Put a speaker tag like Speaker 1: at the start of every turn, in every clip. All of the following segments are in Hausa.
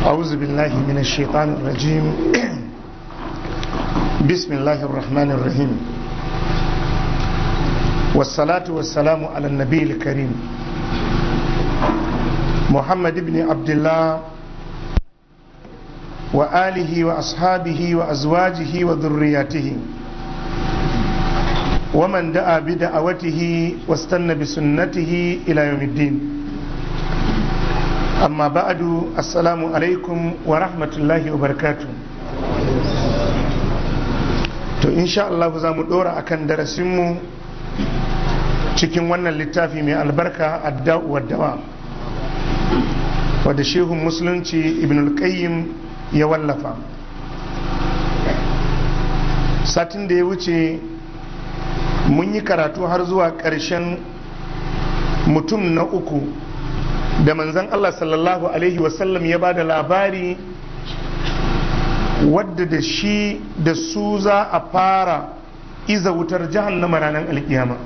Speaker 1: أعوذ بالله من الشيطان الرجيم بسم الله الرحمن الرحيم والصلاة والسلام على النبي الكريم محمد بن عبد الله وآله وأصحابه وأزواجه وذرياته ومن دعا بدعوته واستنى بسنته إلى يوم الدين amma ba'adu assalamu alaikum wa rahmatullahi wa barkatu. to insha Allah za mu dora akan darasinmu cikin wannan littafi mai albarka adda'u wa dawa wadda shehun musulunci ibn al ya wallafa satin da ya wuce mun yi karatu har zuwa ƙarshen mutum na uku da manzan Allah sallallahu alaihi wasallam ya ba da labari wadda da shi da su za a fara iza wutar jahannama ranar alkiyama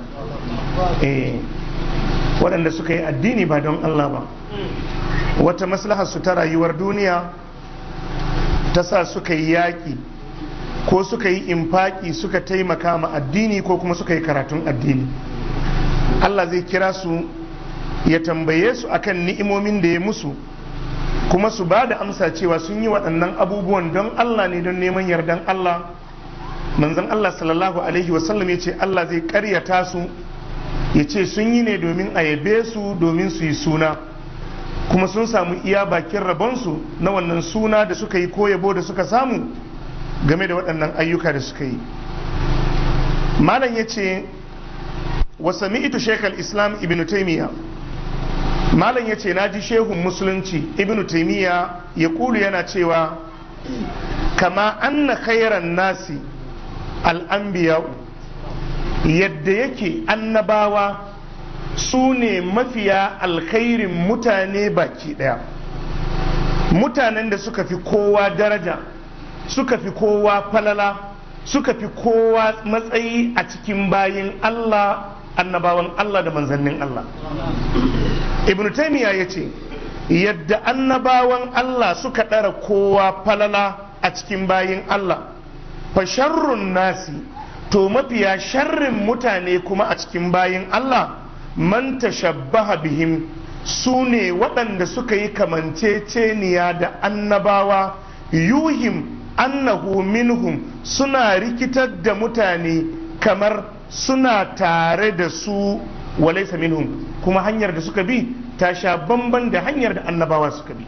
Speaker 1: eh waɗanda suka yi addini ba don Allah ba wata maslaha su ta rayuwar duniya ta sa suka yi yaƙi ko suka yi infaƙi suka taimaka ma addini ko kuma suka yi karatun addini Allah zai kira su ya tambaye su akan ni'imomin da ya musu kuma su ba da amsa cewa sun yi waɗannan abubuwan don Allah ne don neman yardan Allah manzon Allah sallallahu alaihi wasallam ya ce Allah zai karyata su ya ce sun yi ne domin a yabe su domin su yi suna kuma sun samu iya bakin rabonsu na wannan suna da suka yi ko yabo da suka samu game da waɗannan ayyuka da suka yi malam ya ce wa sami'tu shekar islam ibn taimiyya malam ya ce na ji shehun musulunci ibnu taimiyya ya kulu yana cewa kama anna khairan nasi al'anbiya yadda yake annabawa su ne mafiya alkhairin mutane baki daya mutanen da suka fi kowa daraja suka fi kowa falala suka fi kowa matsayi a cikin bayin Allah annabawan Allah da manzannin Allah ibn taymiya ya ce yadda annabawan Allah suka ɗara kowa falala a cikin bayin Allah fa sharrun nasi to mafiya sharrin mutane kuma a cikin bayin Allah man tashabbaha bihim su ne waɗanda suka yi kamanceceniya da annabawa yuhim annahu minhum suna rikitar da mutane kamar suna tare da su walaisa minhum kuma hanyar da suka bi ta sha bamban da hanyar da annabawa suka bi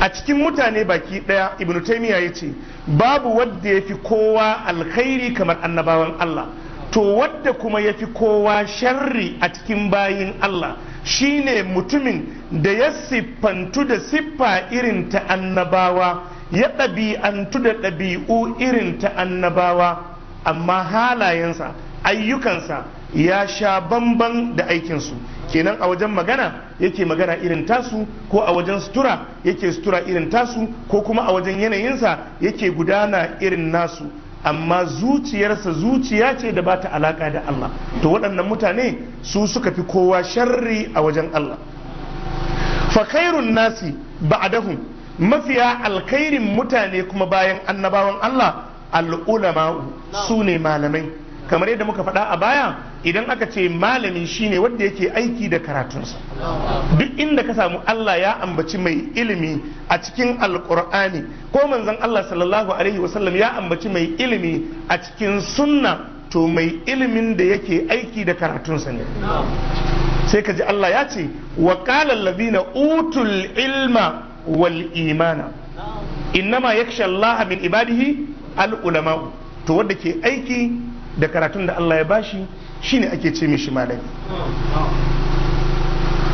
Speaker 1: a cikin mutane baki daya ibnu taymiya ce, babu wadda yafi kowa alkhairi kamar annabawan Allah to wadda kuma yafi kowa sharri a cikin bayin Allah shine mutumin da ya siffantu da siffa irin ta annabawa ya ɗabi'antu da ɗabi'u irin ta annabawa amma halayensa ayyukansa ya sha bamban da aikinsu kenan a wajen magana yake magana irin tasu ko a wajen sutura yake sutura irin tasu ko kuma a wajen yanayinsa yake gudana irin nasu amma zuciyarsa zuciya ce da bata ta alaka da Allah to waɗannan mutane su suka fi kowa sharri a wajen Allah fa khairun nasi ba'dahum mafiya alkhairin mutane kuma bayan annabawan Allah al'ulama'u su ne malamai kamar yadda muka faɗa a baya idan aka ce malami shine wanda yake aiki da karatunsa duk inda ka samu Allah ya ambaci mai ilimi a cikin alkur'ani ko manzon Allah sallallahu alaihi wasallam ya ambaci mai ilimi a cikin sunna to mai ilimin da yake aiki da karatunsa ne sai ka ji Allah ya ce wa ladina utul ilma wal imana innama yakhsha Allah min ibadihi al ulama to wanda ke aiki da karatun da Allah ya bashi shine ake ce mishi malami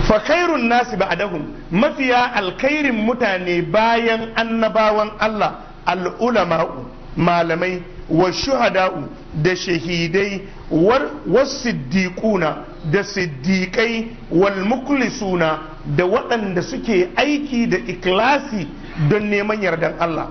Speaker 1: fa khairun nasi ba'dahum mafiya alkhairin mutane bayan annabawan Allah al'ulama'u malamai wa shuhada'u da shahidai wasiddiquna da siddiƙai wal muklisuna da waɗanda suke aiki da ikilasi don neman yardan Allah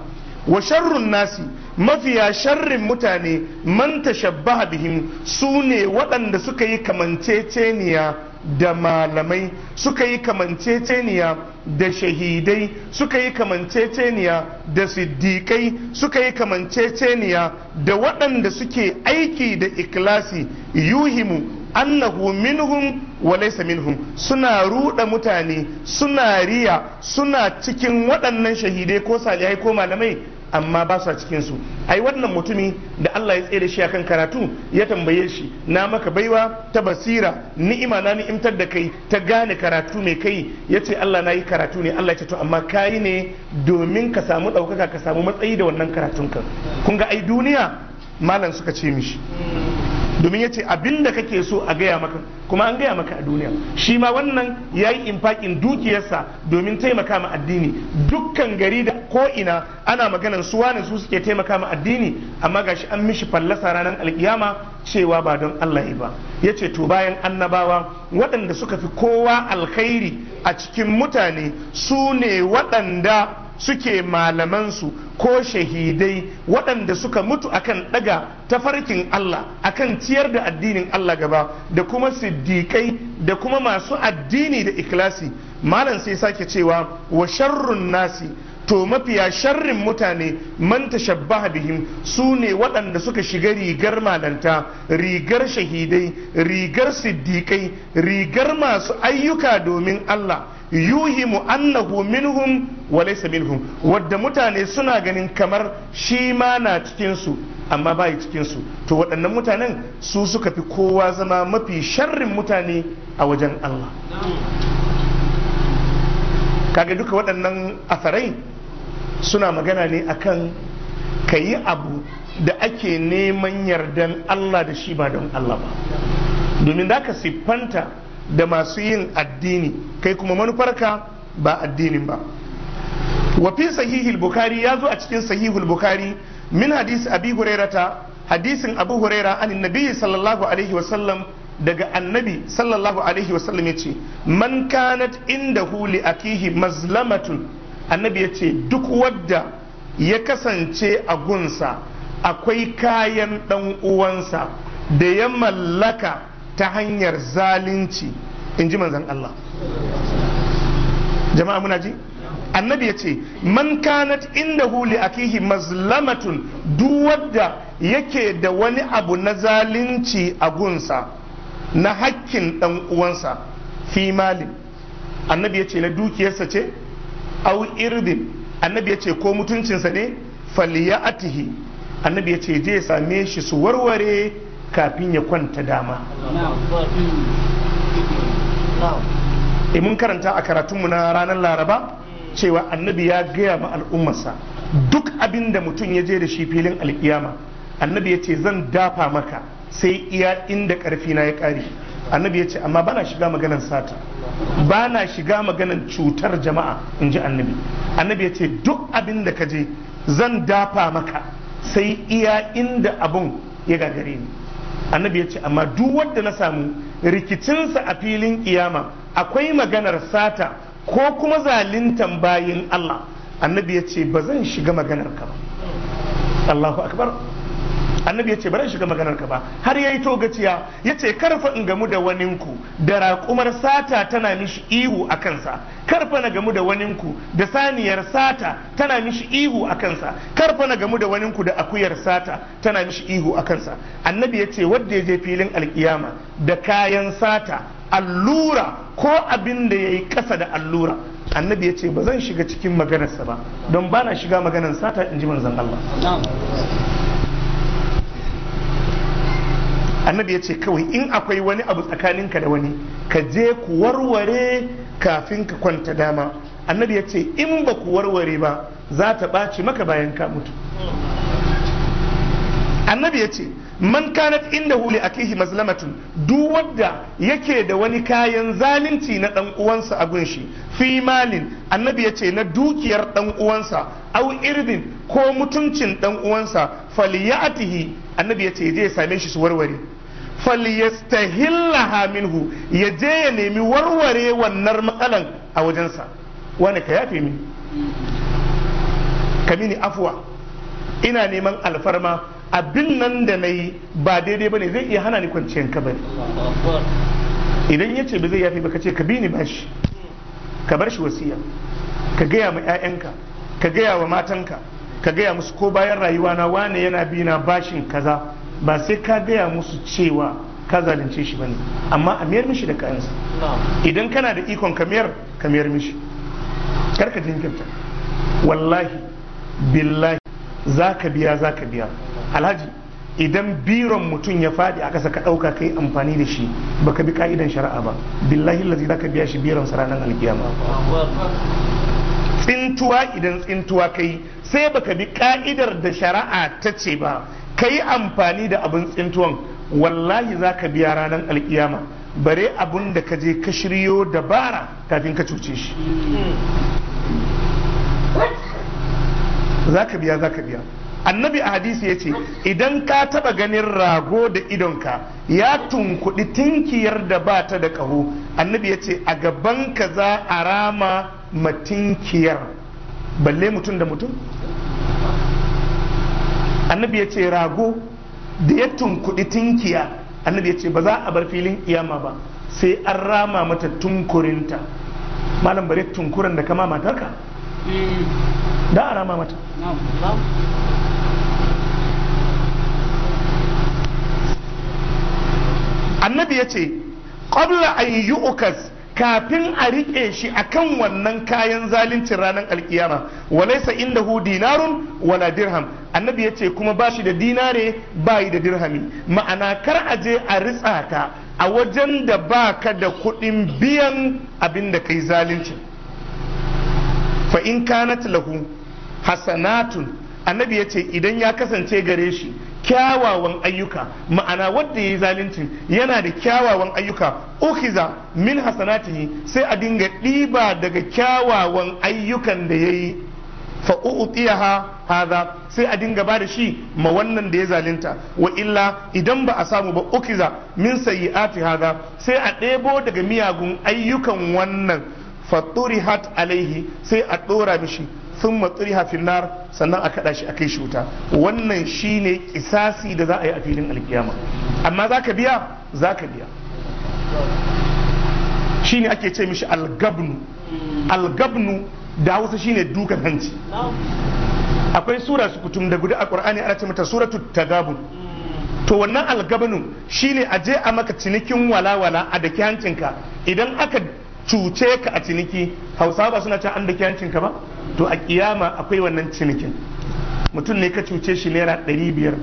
Speaker 1: wa sharrun nasi mafiya sharrin mutane man tashabbaha bihim su ne waɗanda suka yi kamanceceniya da malamai suka yi kamanceceniya da shahidai suka yi kamanceceniya da siddiƙai suka yi kamanceceniya da waɗanda suke aiki da ikilasi yuhimu annahu minhum wa laysa minhum suna ruɗa mutane suna riya suna cikin waɗannan shahidai ko salihai ko malamai amma ba sa cikin su ai wannan mutumi da Allah ya tsere shi akan karatu ya tambaye shi na maka baiwa ta basira ni'ima na ni'imtar da kai ta gane karatu mai kai yace Allah na yi karatu ne Allah ya ce to amma kai ne domin ka samu ɗaukaka ka samu matsayi da wannan karatun ka kun ga ai duniya malam suka ce mishi domin ya ce abin da kake so a gaya maka kuma an gaya maka a duniya shi ma wannan ya yi infakin dukiyarsa domin taimaka ma addini dukkan gari da ko'ina ana maganan su wane su suke taimaka ma addini amma gashi an mishi fallasa ranar alkiyama cewa ba don Allah ba ya ce to bayan annabawa waɗanda suka fi kowa alkhairi a cikin mutane su ne waɗanda suke malamansu ko shahidai waɗanda suka mutu akan ɗaga tafarkin Allah akan ciyar da addinin Allah gaba da kuma siddiƙai da kuma masu addini da ikilasi malam sai sake cewa wa sharrun nasi to mafiya sharrin mutane man tashabbaha bihim su ne waɗanda suka shiga rigar malanta rigar shahidai rigar siddiƙai rigar masu ayyuka domin Allah yuhimu annahu minhum wa laysa minhum wadda mutane suna ganin kamar shi ma na cikinsu su amma bai cikin su to waɗannan mutanen su suka fi kowa zama mafi sharrin mutane a wajen Allah kaga duka waɗannan asarai suna magana ne akan ka yi abu da ake neman yardan Allah da shi ba don Allah ba domin da ka siffanta da masu yin addini kai kuma manufarka ba addinin ba wafi sahihul bukari ya zo a cikin sahihul bukari min hadisi abi hurairata hadisin abu huraira anin nabi sallallahu alaihi wasallam daga annabi sallallahu alaihi wasallam ya ce man kanat inda huli akihi mazlamatun annabi ya ce duk wadda ya kasance a gunsa akwai kayan ɗan uwansa da ya mallaka ta hanyar zalunci in ji manzan Allah jama'a muna ji annabi ya ce man kanat inda huli akihi mazlamatun duk wadda yake da wani abu na zalunci a gunsa na hakkin ɗan uwansa fi malin annabi ya ce na dukiyarsa ce au irdin annabi ya ce ko mutuncinsa ne faliya atihi annabi ya ce je same shi su warware kafin ya kwanta dama eh, mun karanta a karatunmu na ranar laraba cewa annabi ya gaya ma al'ummarsa duk abinda mutum ya je da shi filin alkiyama annabi ya ce zan dafa maka sai iya inda karfi na ya kare annabi ya ce amma bana shiga maganan sata bana shiga maganan cutar jama'a in ji annabi annabi ya ce duk abin da ka je zan dafa maka sai iya inda abun ya gagare ni annabi ya ce amma duk wanda na samu rikicinsa a filin kiyama akwai maganar sata ko kuma zalintan bayin Allah annabi ya ce ba zan shiga maganar ka ba Allahu akbar annabi ya ce bari shiga maganar ka ba har yayi to gaciya yace karfa in gamu da waninku da raƙumar sata tana mishi ihu a kansa karfa na gamu da waninku da saniyar sata tana mishi ihu a kansa karfa na gamu da waninku da akuyar sata tana mishi ihu a kansa annabi ya ce wanda ya je filin alkiyama da kayan sata allura ko abin da ya yi ƙasa da allura annabi ya ce ba zan shiga cikin maganarsa ba don ba na shiga maganar sata in ji manzan Allah annabi ya ce kawai in akwai wani abu tsakaninka da wani ka je ku warware kafin ka kwanta dama annabi ya ce in ba ku warware ba za ta ɓaci maka bayan ka mutu annabi ya ce man kanat inda huli kihi mazlamatun duk wadda yake da wani kayan zalunci na dan uwansa a gunshi fi malin annabi yace na dukiyar dan uwansa au irdin ko mutuncin dan uwansa falyatihi annabi yace je ya same shi su warware falyastahillaha minhu ya je ya nemi warware wannan matsalan a wajensa wani ka yafe min ka mini afuwa ina neman alfarma abin nan da na yi ba daidai ba ne zai iya hana ni kwanciyar kabari idan ya ba zai yafe ba ka ce ka bi ni bashi ka bar shi wasiya ka gaya ma 'ya'yanka ka gaya wa matanka ka gaya musu ko bayan rayuwa na wane yana bina bashin kaza ba sai ka gaya musu cewa ka zalunce shi bane amma a mayar mishi da kayansa idan kana da ikon ka mayar ka mayar mishi karka jinkirta wallahi billahi za ka biya za ka biya alhaji idan biron mutum ya faɗi a saka ka ɗauka ka amfani da shi baka bi ka'idan shari'a ba billahi lazi za ka biya shi biron sa ranar alkiyama tsintuwa idan tsintuwa kai, sai baka bi ka'idar da shari'a ta ce ba ka yi amfani da abin tsintuwan wallahi za ka biya ranar alkiyama bare abin da ka je ka shiryo dabara kafin ka cuce shi za ka biya za ka biya annabi a hadisi ya ce idan ka taba ganin rago da idonka ya tunkuɗi tinkiyar da ba ta da ƙaho annabi ya ce a ka za a rama matinkiyar balle mutum da mutum annabi ya ce rago da ya tunkuɗi tunkiya annabi ya ce ba za a bar filin iyama ba sai an rama mata tunkurinta malam bare tunkurin da kama matarka hmm. da a rama mata annabi ya ce ƙwabla an yi ukas kafin a riƙe shi akan wannan kayan zalincin ranar alkiyama walaisa hu dinarun wala dirham annabi ya ce kuma ba shi da dinare ba da dirhami ma'ana kar a je a ritsa ka a wajen da ba ka da kuɗin biyan abin da kai zalincin fa in kanat lahu hasanatun annabi ya ce idan ya kasance gare shi kyawawan ayyuka ma'ana wanda yayi zalunci yana da kyawawan ayyuka ukiza min hasanatihi sai a dinga ɗiba daga kyawawan ayyukan da yayi fa u'tiyaha hadha sai a dinga ba da shi ma wannan da ya zalunta wa illa idan ba a samu ba ukiza min sayi'ati hadha sai a ɗebo daga miyagun ayyukan wannan fa hat alaihi sai a ɗora mishi sun matsuri hafin nar sannan a kaɗa shi a kai shi wuta wannan shine kisasi da za a yi a filin alkiyama amma za ka biya za ka biya ne ake ce mishi algabnu algabnu da hausa shine dukan hanci akwai sura su kutum da guda a qur'ani ana ce mata suratu tagabun to wannan algabnu shine a je a maka cinikin walawala a daki hancinka idan aka cuce ka a ciniki hausa ba suna can an da ka ba to a kiyama akwai wannan cinikin mutum ne ka cuce shi naira ɗari biyar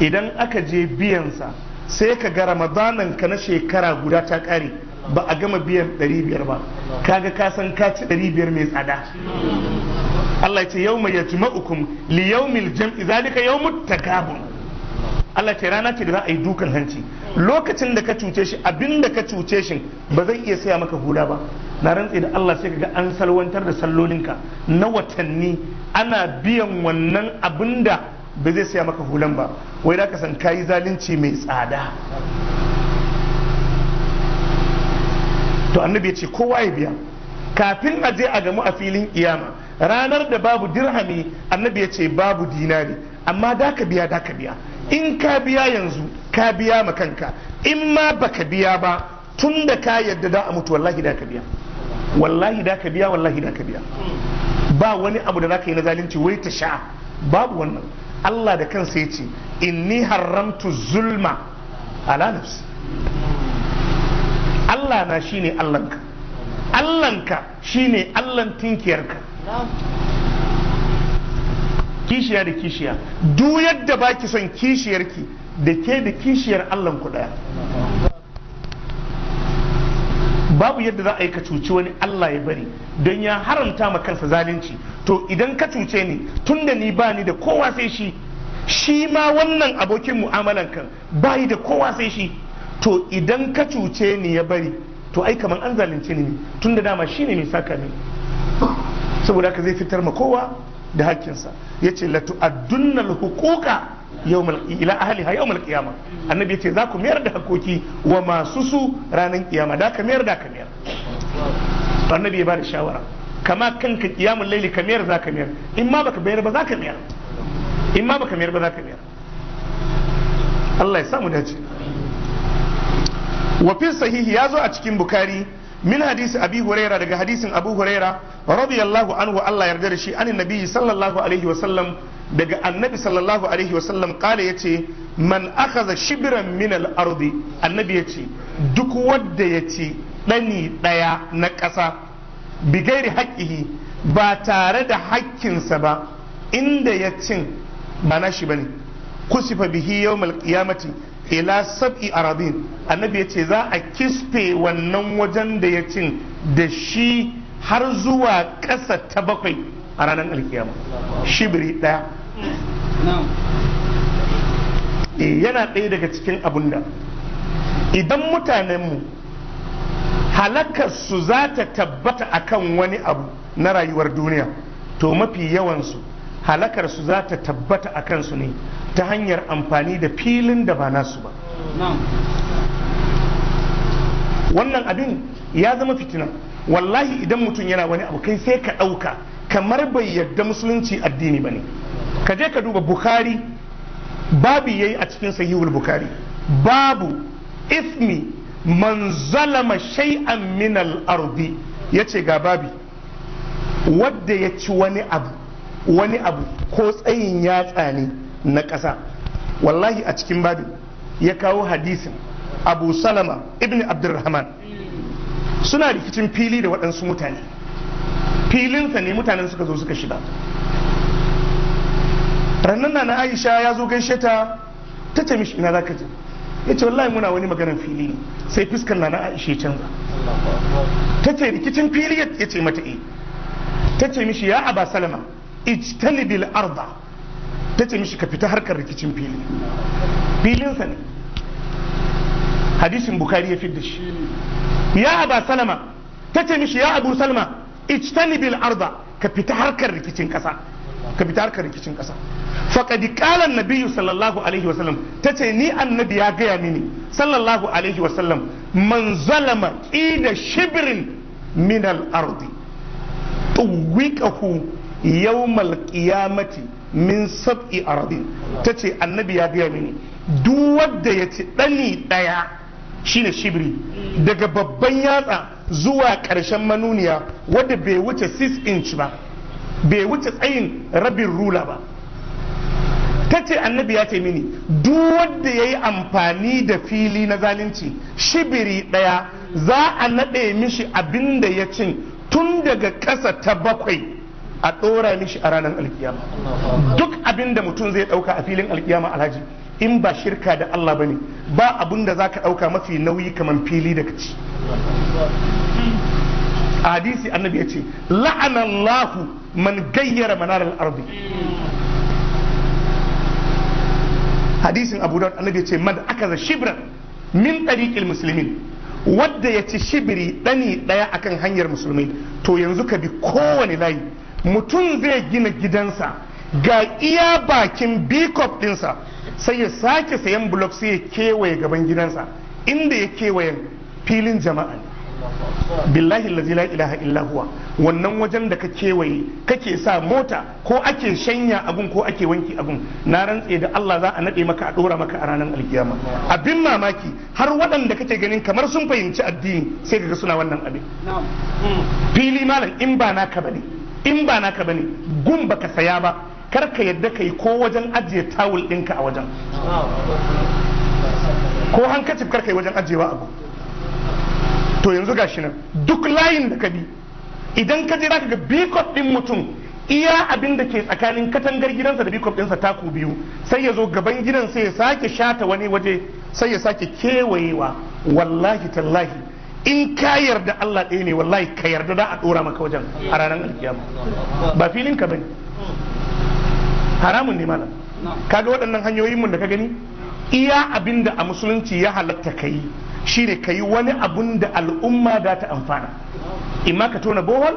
Speaker 1: idan aka je biyansa sai ka ga ramadanan ka na shekara guda ta kare. ba a gama biyan ɗari biyar ba kaga ka san ka ci ɗari biyar mai tsada Allah ya ce yau mai yajma'ukum li mil jam'i zalika yawmut takabun Allah ta rana ce da za a yi dukan hanci lokacin da ka cuce shi abin da ka cuce shi ba zai iya saya maka hula ba na rantse da Allah sai kaga an salwantar da sallolinka na watanni ana biyan wannan abin da ba zai saya maka hulan ba wai da ka kayi zalunci mai tsada to annabi ya ce kowa ya biya kafin a je a gamu a filin iyama, ranar da babu dirhami annabi ya ce babu dinari amma da ka biya da ka biya in ka biya yanzu ka biya ma kanka in ma baka biya ba tun da ka yadda da a mutu wallahi da ka biya wallahi da ka biya wallahi da ka biya ba wani abu da zaka yi na zalunci wai ta sha babu wannan Allah da kansa ya ce inni haramtu zulma ala nafsi Allah na shine Allahnka Allahnka shine Allahn tinkiyarka kishiya da kishiya duk yadda baki son kishiyarki da ke da kishiyar Allah ku daya babu yadda za a yi ka cuci wani Allah ya bari don ya haramta ma kansa zalunci to idan ka cuce ni tunda ni ba ni da kowa sai shi shi ma wannan abokin mu'amalan kan bayi da kowa sai shi to idan ka cuce ni ya bari to ai kamar an zalunce ni tunda dama shi ne mai saka ni saboda ka zai fitar ma kowa da hakkinsa yace latu tu'addunnal huquqa yawmal ila yau yawmal qiyama annabi yace za ku mayar da hakoki wa masu su ranar kiyama da ka mayar da ka mayar annabi ya bada shawara kama kanka kiyamul laili ka mayar za ka mayar in ma baka mayar ba za ka mayar in ma baka mayar ba za ka mayar Allah ya samu dace wa fi sahihi ya zo a cikin bukari min hadisi abi huraira daga hadisin abu huraira radiyallahu anhu Allah yarda da shi anin nabi sallallahu alaihi wa sallam daga annabi sallallahu alaihi wa sallam kale yace man akhadha shibran min al ardi annabi yace duk wanda yace ɗani ɗaya na ƙasa bigairi haƙƙihi ba tare da haƙƙinsa ba inda ya cin ba na shi bane kusifa bihi yawmal qiyamati ila sab'i arabin annabi ya ce za a kispe wannan wajen da ya cin da shi har zuwa ƙasa ta bakwai a ranar alkiyama shibiri ɗaya eh, yana ɗaya daga cikin abunda. idan mutanenmu halakarsu za ta tabbata akan wani abu na rayuwar duniya to mafi yawansu halakar su za ta tabbata a kansu ne ta hanyar amfani da filin da ba nasu ba wannan abin ya zama fitina wallahi idan mutum yana wani abu kai sai ka ɗauka kamar bai yarda musulunci addini ba ne ka je ka duba bukari babu yayi a cikin sahihul bukari babu ismi man zalama shay'an min al-ardi yace ga babi wadda ya ci wani abu wani abu ko tsayin yatsa ne na ƙasa wallahi a cikin babin ya kawo hadisin abu salama ibn abdurrahman suna rikicin fili da waɗansu mutane filinsa ne mutanen suka zo suka shiga rannan na aisha ya zo gaishe ta ta ce mishi ina za ka je ya ce wallahi muna wani maganar fili ne sai fuskar na aisha canza ta ce rikicin fili ya ce mata e ta ce mishi ya aba salama ijtalibil arda ta ce mishi ka fita harkar rikicin fili filinsa ne hadisin bukari ya fidda shi ya aba salama ta ce mishi ya abu salma ijtanibil arda ka fita harkar rikicin kasa ka fita harkar rikicin kasa faqad qala an-nabiy sallallahu alaihi wa sallam tace ni annabi ya gaya mini sallallahu alaihi wa sallam man zalama qida shibrin min al-ardi tuwiqahu yawmal qiyamati min sab'i ardin tace annabi ya gaya mini duk wanda ya ci dani daya shine shibri daga babban yatsa zuwa ƙarshen manuniya wanda bai wuce 6 inch ba bai wuce tsayin rabin rula ba ta ce annabi ya ce mini duk wanda yayi amfani da fili na zalunci shibiri ɗaya za a naɗe mishi abinda ya cin tun daga ƙasa ta bakwai a ɗora mishi a ranar alkiyama duk abin da mutum zai ɗauka a filin alkiyama alhaji in ba shirka da Allah ba ne, ba abin da za ka ɗauka mafi nauyi kamar fili da kaci hadisi annabi ya ce la'anallahu man gayyara manarar ardi hadisin abu da annabi ya ce man za shibran min tariqil muslimin wadda ya ci shibiri ɗani ɗaya akan hanyar musulmi to yanzu ka bi kowane layi mutum zai gina gidansa ga iya bakin bicop dinsa sai ya sake sayan blok sai ya kewaye gaban gidansa inda ya kewaye filin jama'a billahi lazi la ilaha illa wannan wajen da ka kewaye kake sa mota ko ake shanya abun ko ake wanki abun na rantse da Allah za a nade maka a dora maka a ranar alkiyama abin mamaki har waɗanda kake ganin kamar sun fahimci addini sai ka suna wannan abin fili malam in ba naka bane in ba naka bane gun baka saya ba karka ka yadda ka ko wajen ajiye tawul ɗinka a wajen ko hankacin kar kai wajen ajiyewa abu to yanzu gashi nan duk layin da ka bi idan ka jira ga bikot ɗin mutum iya abin da ke tsakanin katangar gidansa da bikop ɗinsa taku biyu sai ya zo gaban gidan sai ya sake shata wani waje sai ya sake kewayewa wallahi tallahi in ka yarda Allah ɗaya ne wallahi ka yarda da a ɗora maka wajen a ranar alkiyama ba filin ka bane haramun ne malam ga waɗannan hanyoyin mun da ka gani iya abin da a musulunci ya halatta ka yi shine ka yi wani abun da al'umma da ta amfana imma ka tona bohol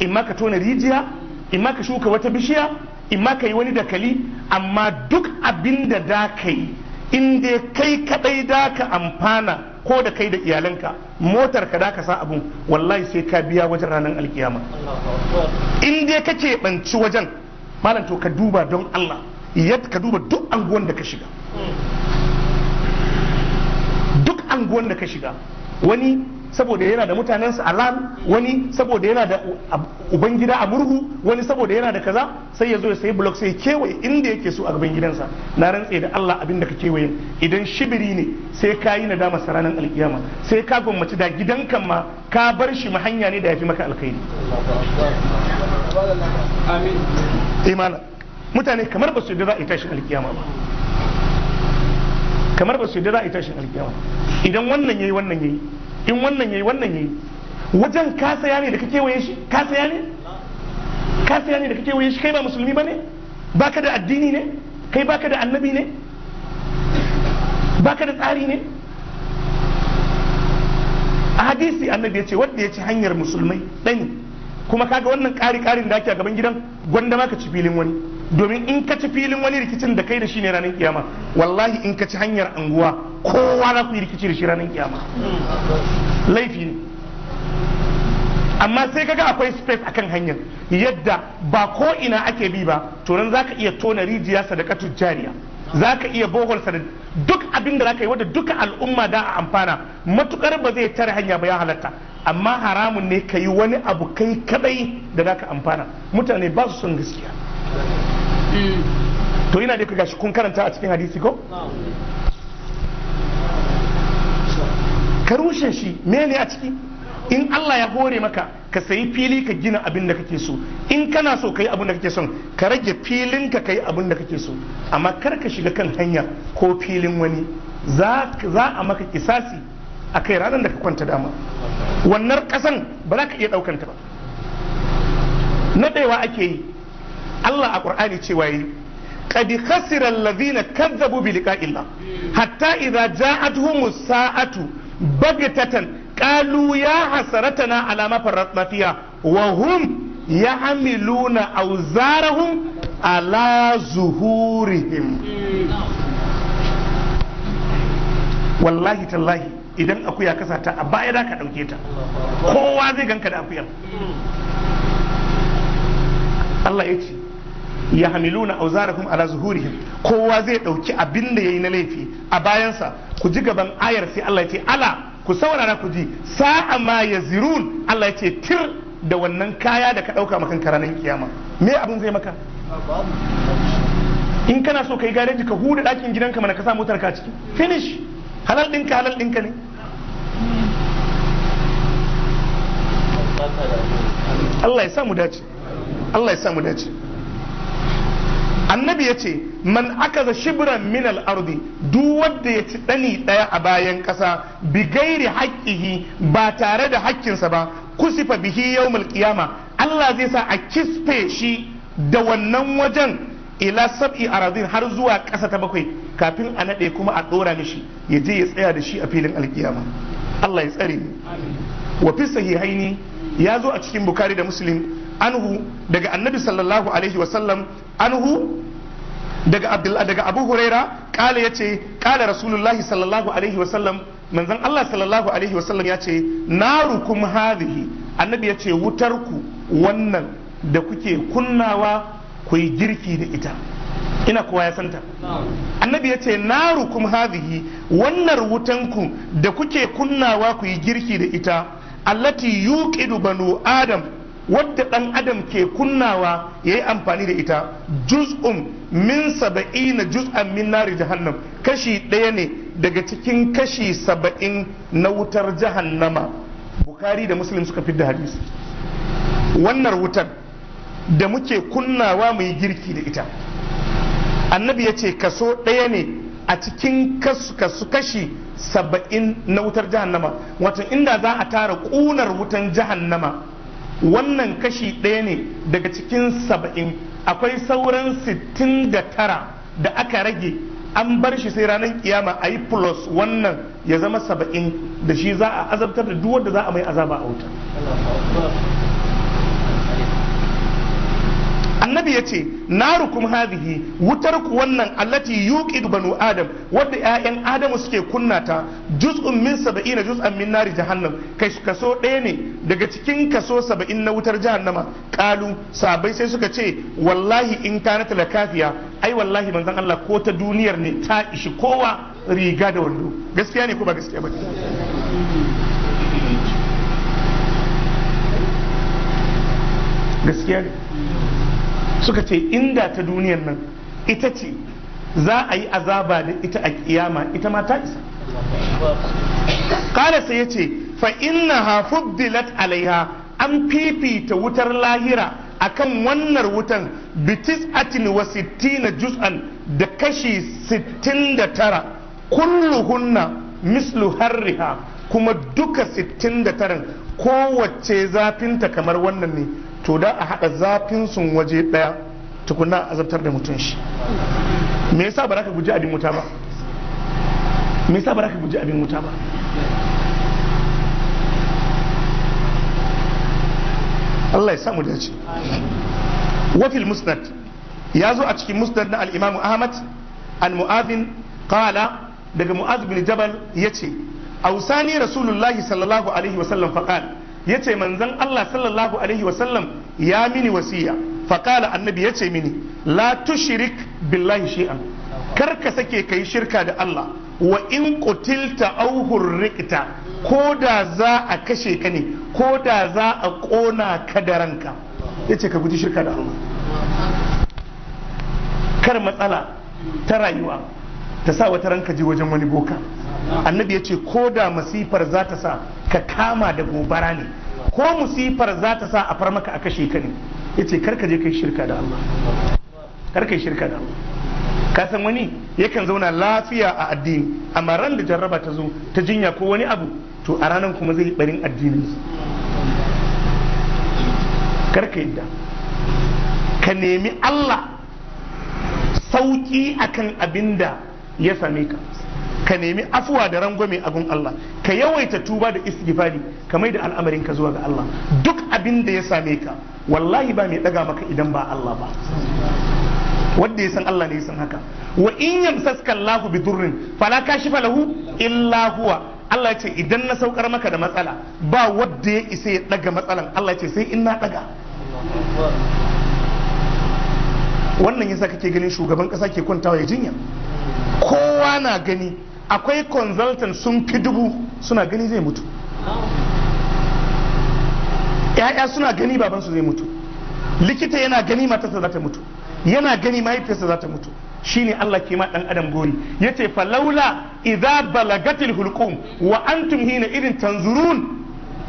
Speaker 1: imma ka tona rijiya imma ka shuka wata bishiya imma ka yi wani dakali amma duk abin da da ka yi in dai kai kaɗai da ka amfana ko da kai da iyalanka motar ka da ka sa abun wallahi sai ka biya wajen ranar alkiyama in dai kake banci wajen malam to ka duba don Allah yadda ka duba duk anguwan da ka shiga duk anguwan da ka shiga wani saboda yana da mutanensa a lan wani saboda yana da ubangida a murhu wani saboda yana da kaza sai ya zo ya sayi blok sai kewaye inda yake so a gaban gidansa na rantse da Allah abin da ka kewaye idan shibiri ne sai ka yi nadama saranan alkiyama sai ka gwammaci da gidankan ma ka bar shi ma hanya ne da ya fi maka alkhairi amin eh, mutane kamar ba su yadda za a yi tashin alkiyama ba kamar ba su yadda za a yi tashin alkiyama idan wannan yayi wannan yayi in wannan yayi wannan yayi wajen ka saya ne da kake waye shi ka saya ne ka saya ne da kake waye shi kai ba musulmi bane baka da addini ne kai baka da annabi ne baka da tsari ne hadisi annabi ya ce wanda ya ci hanyar musulmai ɗani kuma kaga wannan ƙari ƙarin da ake a gaban gidan gwanda ma ka ci filin wani domin in ka ci filin wani rikicin da kai da shi ne ranar kiyama wallahi in ka ci hanyar anguwa kowa za ku yi rikici da shi ranar kiyama laifi ne amma sai kaga akwai space akan hanyar yadda ba ko ina ake bi ba turan za ka iya tona rijiya sadakatu jariya ka iya bohol sadar duk abin da za ka yi wadda duka al'umma da a amfana matukar ba zai tare hanya ba ya halatta amma haramun ne ka yi wani abu kai kadai da za ka amfana mutane ba su son gaskiya to yana da gashi kun karanta a cikin hadisi ko ka rushe shi ne a ciki in Allah ya hore maka ka sayi fili ka gina abin da kake so in kana so kai abin da kake so ka rage filin ka kai abin da kake so amma kar ka shiga kan hanya ko filin wani za a maka kisasi a kai ranar da ka kwanta dama wannan kasan ba za ka iya daukanta ba Naɗewa ake yi Allah a Qur'ani cewa yi qad khasira allazina kazzabu bi liqa'illah hatta idza ja'atuhum sa'atu bage qalu ya hasaratana ala ma farratna fiha wa hum ya'miluna awzarahum ala zuhurihim wallahi tallahi idan akuya kasata a baya da ka ɗauke ta kowa zai ganka da akuyar Allah ya ya hamiluna auzarakum ala zuhurihim kowa zai dauki abin da yayi na laifi a bayansa ku ji gaban ayar sai Allah ya ce ala ku saurara ku ji sa'a ma yazirun Allah ya ce tir da wannan kaya da ka dauka makan karanan kiyama me abin zai maka in kana so kai gareji ka huda dakin gidanka mana ka sa motar ka ciki finish halal dinka halal dinka ne Allah ya samu dace Allah ya samu dace annabi ya ce man aka za shibran minal ardi duk wanda ya ci dani daya a bayan kasa bi gairi haƙƙihi ba tare da haƙƙinsa ba kusifa bihi yau qiyama Allah zai sa a kispe shi da wannan wajen ila sab'i aradin har zuwa ƙasa ta bakwai kafin a naɗe kuma a ɗora mishi ya je ya tsaya da shi a filin alkiyama Allah ya tsare ni wa fi sahihaini ya zo a cikin bukari da muslim anhu daga annabi sallallahu alaihi wasallam anhu daga abdullah daga abu huraira kala yace kala rasulullahi sallallahu alaihi wasallam manzan Allah sallallahu alaihi wasallam yace narukum hadhihi annabi yace wutar ku wannan da kuke kunnawa ku yi girki da ita ina kowa ya santa annabi yace narukum hadhihi wannan wutan ku da kuke kunnawa ku yi girki da ita allati yuqidu banu adam wadda ɗan adam ke kunnawa ya yi amfani da ita juz'un min na juz'an min nari jahannam kashi ɗaya ne daga cikin kashi saba'in na wutar jahannama bukari da muslim suka fi da hadisi wannan wutar da muke kunnawa muyi girki da ita annabi ya ce kaso ɗaya ne a cikin kasu kashi saba'in na wutar jahannama wato inda za a tara ƙunar wutan jahannama wannan kashi ɗaya ne daga cikin saba'in akwai sauran sittin da tara da aka rage an bar shi sai ranar kiyama a yi plus wannan ya zama saba'in da shi za a azabtar da duk wanda za a mai azaba a
Speaker 2: wuta
Speaker 1: annabi ya ce narukum hadihi wutar ku wannan allati yuqidu banu adam wadda 'ya'yan adamu suke kunna ta juz'un min sab'ina juz'an min nari jahannam kai kaso ɗaya ne daga cikin kaso saba'in na wutar jahannama kalu sabai sai suka ce wallahi in kanat lakafiya ai wallahi manzon Allah ko ta duniyar ne ta ishi kowa riga da wando gaskiya ne ko ba gaskiya ba gaskiya ne suka ce inda ta duniyar nan ita ce za a yi azaba da ita a kiyama ita ma ta isa kala sai ya ce fa innaha fuddilat alaiha an fifita wutar lahira akan wannan wutan bitis atin wa sittina juz'an da kashi sittin da tara kulluhunna mislu harriha kuma duka sittin da taran kowace zafinta kamar wannan ne to da a haɗa zafin sun waje ɗaya a azabtar da mutum shi me yasa ba za ka guji abin wuta ba me yasa ba za ka guji abin wuta ba Allah ya samu dace wafil musnad ya zo a cikin musnad na al-Imam Ahmad an mu'adhin qala daga mu'adh bin Jabal yace awsani rasulullahi sallallahu alaihi wasallam faqala Ya yace manzon Allah sallallahu alaihi wasallam ya mini wasiya faƙala annabi ya ce mini la tushrik billahi shay'an kar ka sake ka yi shirka da Allah wa in qutilta auhun rikita, ko da za a kashe ka ne ko da za a ƙona ka da ranka ce ka guji shirka da Allah kar matsala ta rayuwa ta sa wata ranka je wajen wani boka annabi ya ce ko da masifar za ta sa ka kama da gobara ne ko musifar za ta sa a far maka a kashe ka ne ya ce karka je kai shirka da Allah karka yi shirka da Allah ka san wani yakan zauna lafiya a addini amma ran da jarraba ta zo ta jinya ko wani abu to a ranar kuma zai barin addinin karka yadda ka nemi Allah sauki akan abin da ya same ka ka nemi afuwa da rangwame a gun Allah ka yawaita tuba da istighfari ka mai da al'amarin ka zuwa ga Allah duk abin da ya same ka wallahi ba mai daga maka idan ba Allah ba wanda ya san Allah ne ya san haka wa in yamsaska lahu bi durrin fala kashifa lahu illa huwa Allah ya ce idan na saukar maka da matsala ba wanda ya isa ya daga matsalan Allah ya ce sai in na daga wannan yasa kake ganin shugaban kasa ke kwantawa ya jinya kowa na gani akwai consultant sun fi dubu suna gani zai mutu ‘ya'ya suna gani babansu zai mutu likita yana gani matarsa za ta mutu yana gani mahaifiyarsa za ta mutu shine Allah ke ma dan adam gori yace fa laula idza balagatil hulqum wa antum hina idin tanzurun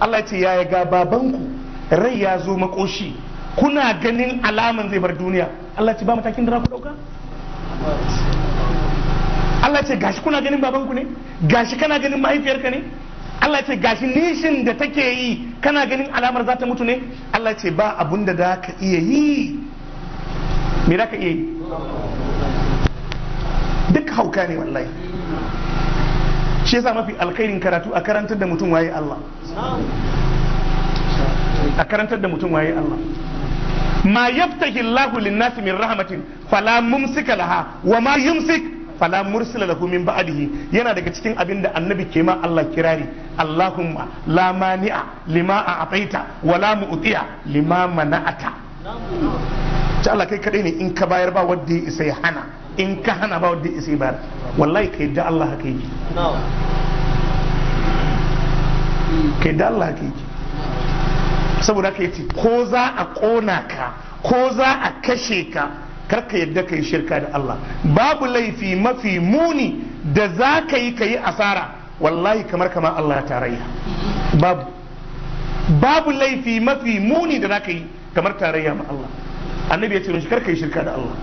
Speaker 1: Allah yace ya ga babanku rai ya zo makoshi kuna ganin alaman zai bar duniya Allah ce ba matakin da na ku dauka Allah ce gashi kuna ganin babanku ne gashi kana ganin mahaifiyarka ne Allah ce gashi nishin da take yi kana ganin alamar za ta mutu ne Allah ce ba abun da za ka iya yi me za ka iya yi duk hauka ne wallahi shi yasa mafi alkhairin karatu a karantar da mutum waye Allah a karantar da mutum waye Allah ma yaftahi Allahu lin-nasi min rahmatin fala mumsika laha wa ma yumsik fala mursila lahu min ba'dihi yana daga cikin abin da annabi ke ma Allah kirari Allahumma la mani'a lima a'taita wa la mu'tiya lima mana'ata ta Allah kai kadai ne in ka bayar ba wanda ya isa ya hana in ka hana ba wanda ya isa ya bayar wallahi kai da Allah kai yake kai da Allah kai yake saboda kai ce ko za a kona ka ko za a kashe ka karka yadda ka yi shirka da Allah babu laifi mafi muni da za ka yi ka yi asara wallahi kamar kama Allah ya tarayya babu babu laifi mafi muni da za ka yi kamar tarayya ma Allah annabi ya ce mishi karka yi shirka da Allah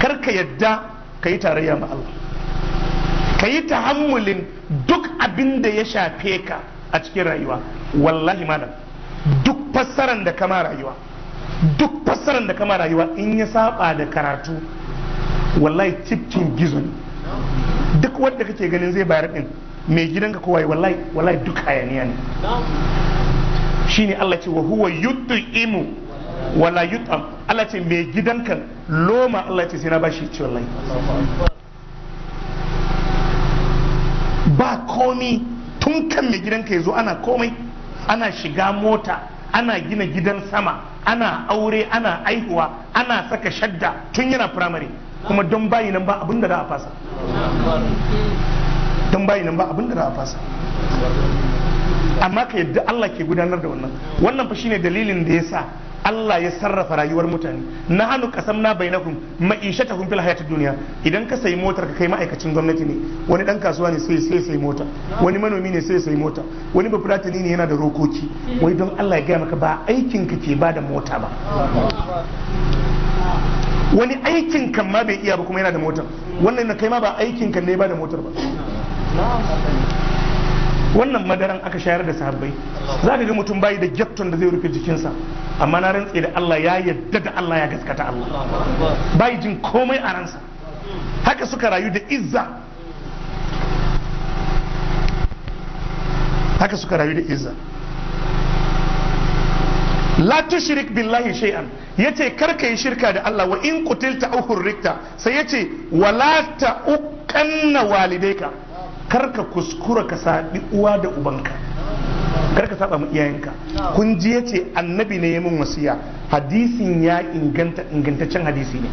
Speaker 1: karka yadda ka yi tarayya ma Allah ka yi tahammulin duk abin da ya shafe ka a cikin rayuwa wallahi malam duk fassaran da kama rayuwa duk fassarar da kama rayuwa in ya saba da karatu wallahi cikin gizo ne duk wanda kake ganin zai bayar din mai gidanka ka yi wallahi wallahi duk hayaniya ne shine Allah ce wa huwa imu wala yut'am Allah ce mai gidan ka loma Allah ce sai na bashi ci wallahi ba komi tun kan mai gidanka ya zo ana komai ana shiga mota ana gina gidan sama ana aure ana aihuwa ana saka shadda tun yana firamare kuma don bayi nan ba abin da za a fasa don bayi nan ba abin da za a fasa amma ka yadda Allah ke gudanar da wannan wannan fa shine dalilin da ya sa Allah ya sarrafa rayuwar mutane na hannu kasam na bainakum ta fil hayatar duniya, idan ka sayi motar ka kai ma'aikacin gwamnati ne wani dan kasuwa ne sai sai sai mota wani manomi ne sai sai mota wani bafulatani ne yana da rokoki wai don Allah ya gaya maka ba aikin ka ke bada mota ba wani aikin kan ma bai iya ba kuma yana da motar wannan na kai ma ba aikin kan ne ba da motar ba wannan madaran aka shayar da sahabbai za ka ga mutum bayi da gyaton da zai rufe jikinsa amma na rantse da Allah ya yadda da Allah ya gaskata Allah bayi jin komai a ransa haka suka rayu da izza haka suka rayu da izza la tushrik billahi shay'an yace karka yi shirka da Allah wa in qutilta aw hurrikta sai yace wala walidai ka. karka kuskura ka saɓi uwa da ubanka karka saɓa mu iyayenka kun ji ya ce annabi ne ya mun wasiya hadisin ya inganta ingantaccen hadisi ne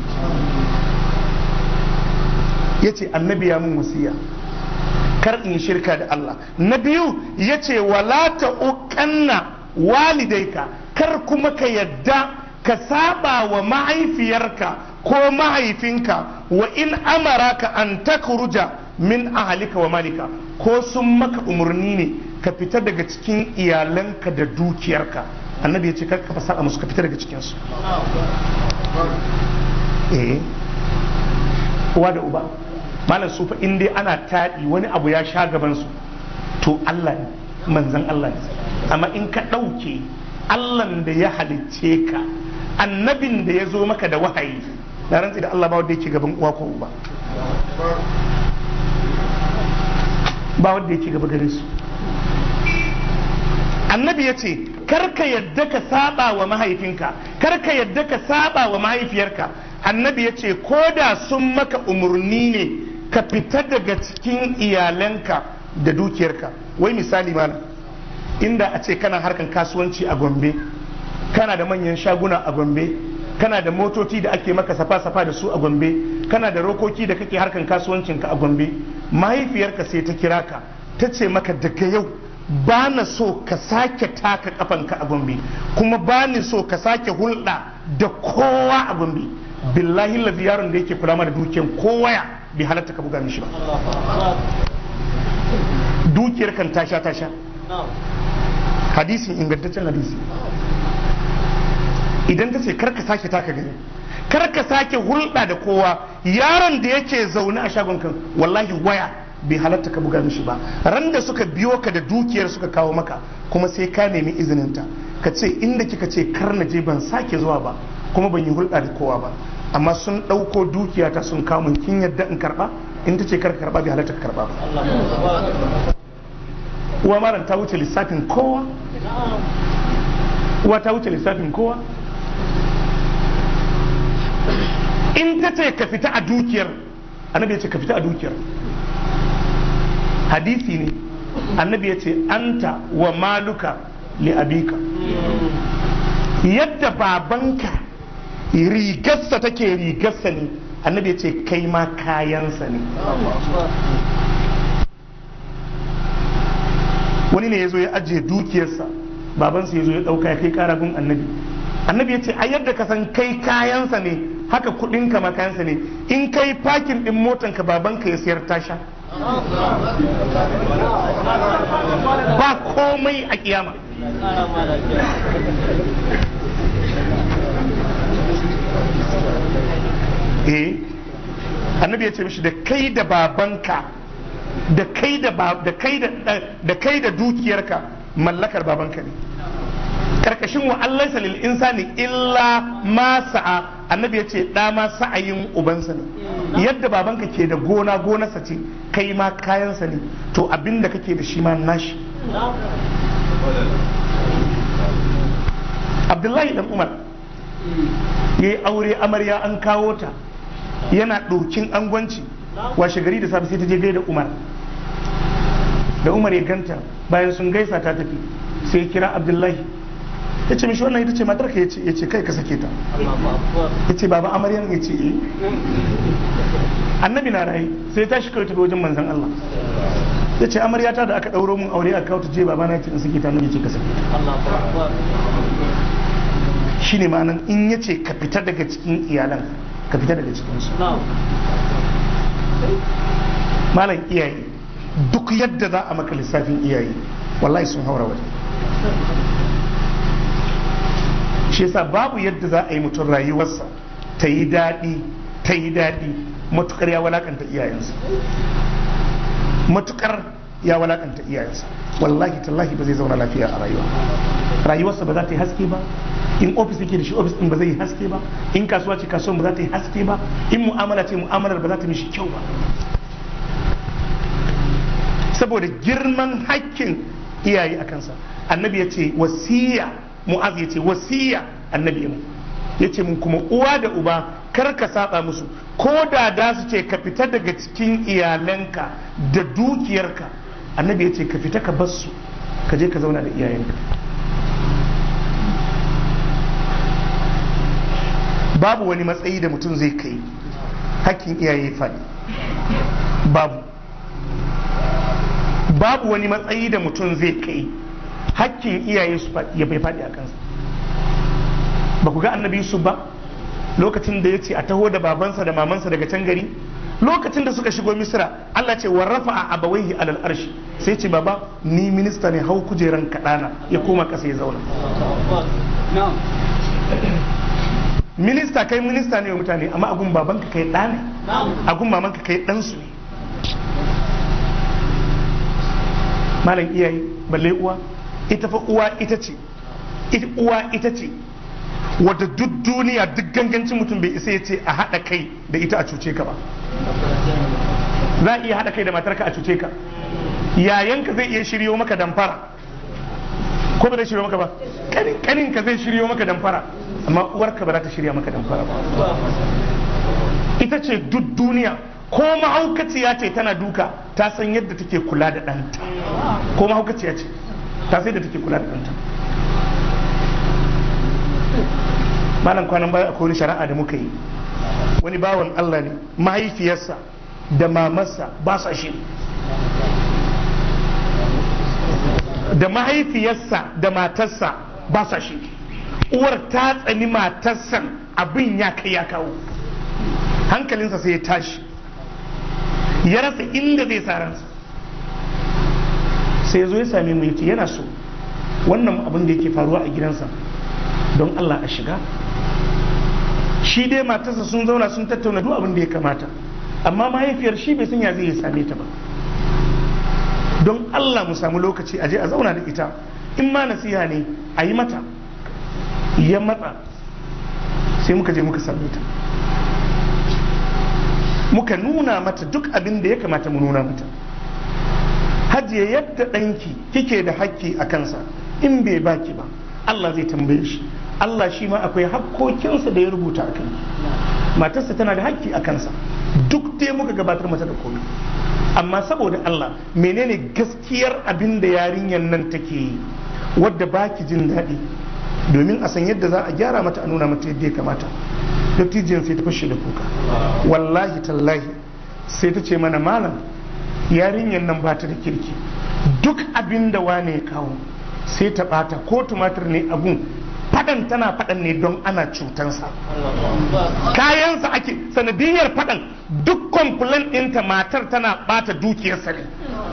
Speaker 1: ya ce annabi ya mun wasiya kar in shirka da Allah na biyu ya ce wala ta uƙanna walidaika kar kuma ka yadda ka saba wa mahaifiyarka ko mahaifinka wa in amaraka an takruja min ahalika wa malika ko sun maka umarni ne ka fita daga cikin iyalanka da dukiyarka annabi ya ce kar ka fasa musu ka fita daga cikin su eh. da uba malam su fa in dai ana taɗi wani abu ya sha gabansu, su to Allah ne manzon Allah ne amma in ka ɗauke Allah da ya halicce ka annabin da ya zo maka da wahayi na rantsi da Allah ba wanda yake gaban uwa ko uba ba wanda yake gaba gare su annabi ya ce karka yadda ka saba wa mahaifinka karka yadda ka saba wa mahaifiyarka annabi ya ce ko da sun maka umarni ne ka fita daga cikin iyalanka da dukiyarka wai misali mana inda a ce kana harkar kasuwanci a gombe kana da manyan shaguna a gombe kana da motoci da ake maka safa-safa da su a gombe kana da rokoki da kake harkan kasuwancinka a gombe mahaifiyarka sai ta kira ka ta ce maka daga yau ba na so ka sake taka kafanka a gombe kuma ba ni so ka sake hulɗa da kowa a gombe billahi lafi yaron da yake kula da dukiyar ya bai halatta ka buga mishi ba dukiyar kan tasha tasha hadisin ingantaccen hadisi idan ta ce karka sake taka gani karka sake hulɗa da kowa yaron da yake zaune a shagon kan wallahi waya bai halatta ka buga mishi ba Randa suka biyo ka da dukiyar suka kawo maka kuma sai ka nemi izininta ka ce inda kika ce kar na je ban sake zuwa ba kuma ban yi hulɗa da kowa ba amma sun ɗauko dukiya ta sun kamun kin yadda in karɓa in ta ce kar karɓa bai halatta ka karɓa
Speaker 2: ba
Speaker 1: uwa maran ta wuce lissafin kowa uwa ta wuce lissafin kowa in ta ce ka fita a dukiyar annabi ya ce ka fita a dukiyar hadisi ne annabi ya ce anta wa maluka li abika yadda babanka rigarsa take rigarsa ne annabi ya ce kai ma kayansa ne wani ne ya zo ya ajiye dukiyarsa babansa ya zo ya ɗauka ya kai ƙarafin annabi annabi ya ce a yadda ka san kai kayansa ne haka kudin ka makansa ne in kai fakin din motan ka baban ka ya siyar tasha ba komai a kiyama eh annabi ya ce mishi da kai da babanka da kai da dukiyarka mallakar babanka ne karkashin wa Allah lil insani illa ma sa'a annabi ya ce ma sa'ayin ubansa ne yadda babanka ke da gona gonarsa ce kai ma kayansa ne to abinda kake da shi ma nashi abdullahi dan umar yayi aure amarya an kawo ta yana ɗokin angwanci washe gari da safe sai ta je da umar da umar ya ganta bayan sun gaisa ta tafi sai kira abdullahi ya ce mishi wannan ita ce matarka ya ce kai ka sake ta ya ce baba amaryar ya ce eh annabi na raye sai ta shi kawai ta wajen manzan Allah ya ce amaryata da aka ɗauro mun aure a kawo ta je baba na ce in sake ta annabi ce ka sake ta ne ma'anan in ya ce ka fita daga cikin iyalan ka fita daga cikin su malam iyaye duk yadda za a maka lissafin iyaye wallahi sun haura waje shi yasa babu yadda za a yi mutum rayuwarsa ta yi daɗi ta yi daɗi matukar ya walakanta iyayensa matukar ya walakanta iyayensa wallahi tallahi ba zai zauna lafiya a rayuwa rayuwarsa ba za ta yi haske ba in ofis yake da shi ofis din ba zai yi haske ba in kasuwa ce kasuwa ba za ta yi haske ba in mu'amala ce mu'amalar ba za ta mishi kyau ba saboda girman hakkin iyaye a kansa annabi ya ce wasiya mu'az ya ce wasiya annabi mu ya ce mun kuma uwa da uba kar ka saba musu ko da da su ce ka fita daga cikin iyalanka da dukiyarka annabi ya ce ka fita ka bar su ka je ka zauna da iyayenka babu wani matsayi da mutum zai kai hakkin iyaye faɗi babu babu wani matsayi da mutum zai kai hakkin iyaye su ya bai faɗi a kansa ba ku ga annabi su ba lokacin da ya ce a taho da babansa da mamansa daga can gari lokacin da suka shigo misira Allah ce wa rafa a abawaihi alal arshi sai ce baba ni minista ne hau kujeran kadana ya koma kasa ya zauna minista kai minista ne wa mutane amma agun babanka kai ɗa ne agun mamanka kai ɗansu ne malam iyaye balle uwa ita fa uwa ita ce uwa ita ce wadda duk duniya duk gangancin mutum bai isa ya ce a haɗa kai da ita a cuce ka ba za a iya haɗa kai da matarka a cuce ka yayanka zai iya shiryo maka damfara ko ba zai shiryo maka ba kanin ka zai shiryo maka damfara amma uwar ka ba za ta shirya maka damfara ba ita ce duk duniya ko mahaukaciya ce tana duka ta san yadda take kula da ɗanta ko mahaukaciya ce ta sai da take kula da kanta malam kwanan baya akwai wani shari'a da muka yi wani bawan Allah ne mahaifiyarsa da mamarsa ba sa shi da mahaifiyarsa da matarsa ba sa shi uwar ta tsani matarsa abin ya kai ya kawo hankalinsa sai ya tashi ya rasa inda zai sa ransa sai zo ya sami mu yace yana so wannan abin da yake faruwa a gidansa don Allah a shiga shi dai matarsa sun zauna sun tattauna duk abin da ya kamata amma mahaifiyar shi bai san ya same ta ba don Allah mu sami lokaci a je a zauna da ita in ma nasiha ne a yi mata ya matsa sai muka je muka same ta muka nuna mata duk abin da ya kamata mu nuna mata hajiya yadda ɗanki kike da hakki a kansa in bai baki ba Allah zai tambaye shi Allah shi ma akwai hakkokinsa da ya rubuta a kai matarsa tana da hakki a kansa duk dai muka gabatar mata da komai amma saboda Allah menene gaskiyar abin da yarinyar nan take yi wadda baki jin daɗi domin a san yadda za a gyara mata a nuna mata yadda ya kamata dattijiyan sai ta fashe da kuka wallahi tallahi sai ta ce mana malam yarinyar nan ba ta da kirki duk abin da wane ya kawo sai ta bata ko tumatir ne abun fadan tana fadan ne don ana cutansa kayansa ake sanadiyar fadan duk kwamfulan ɗinta matar tana bata dukiyarsa ne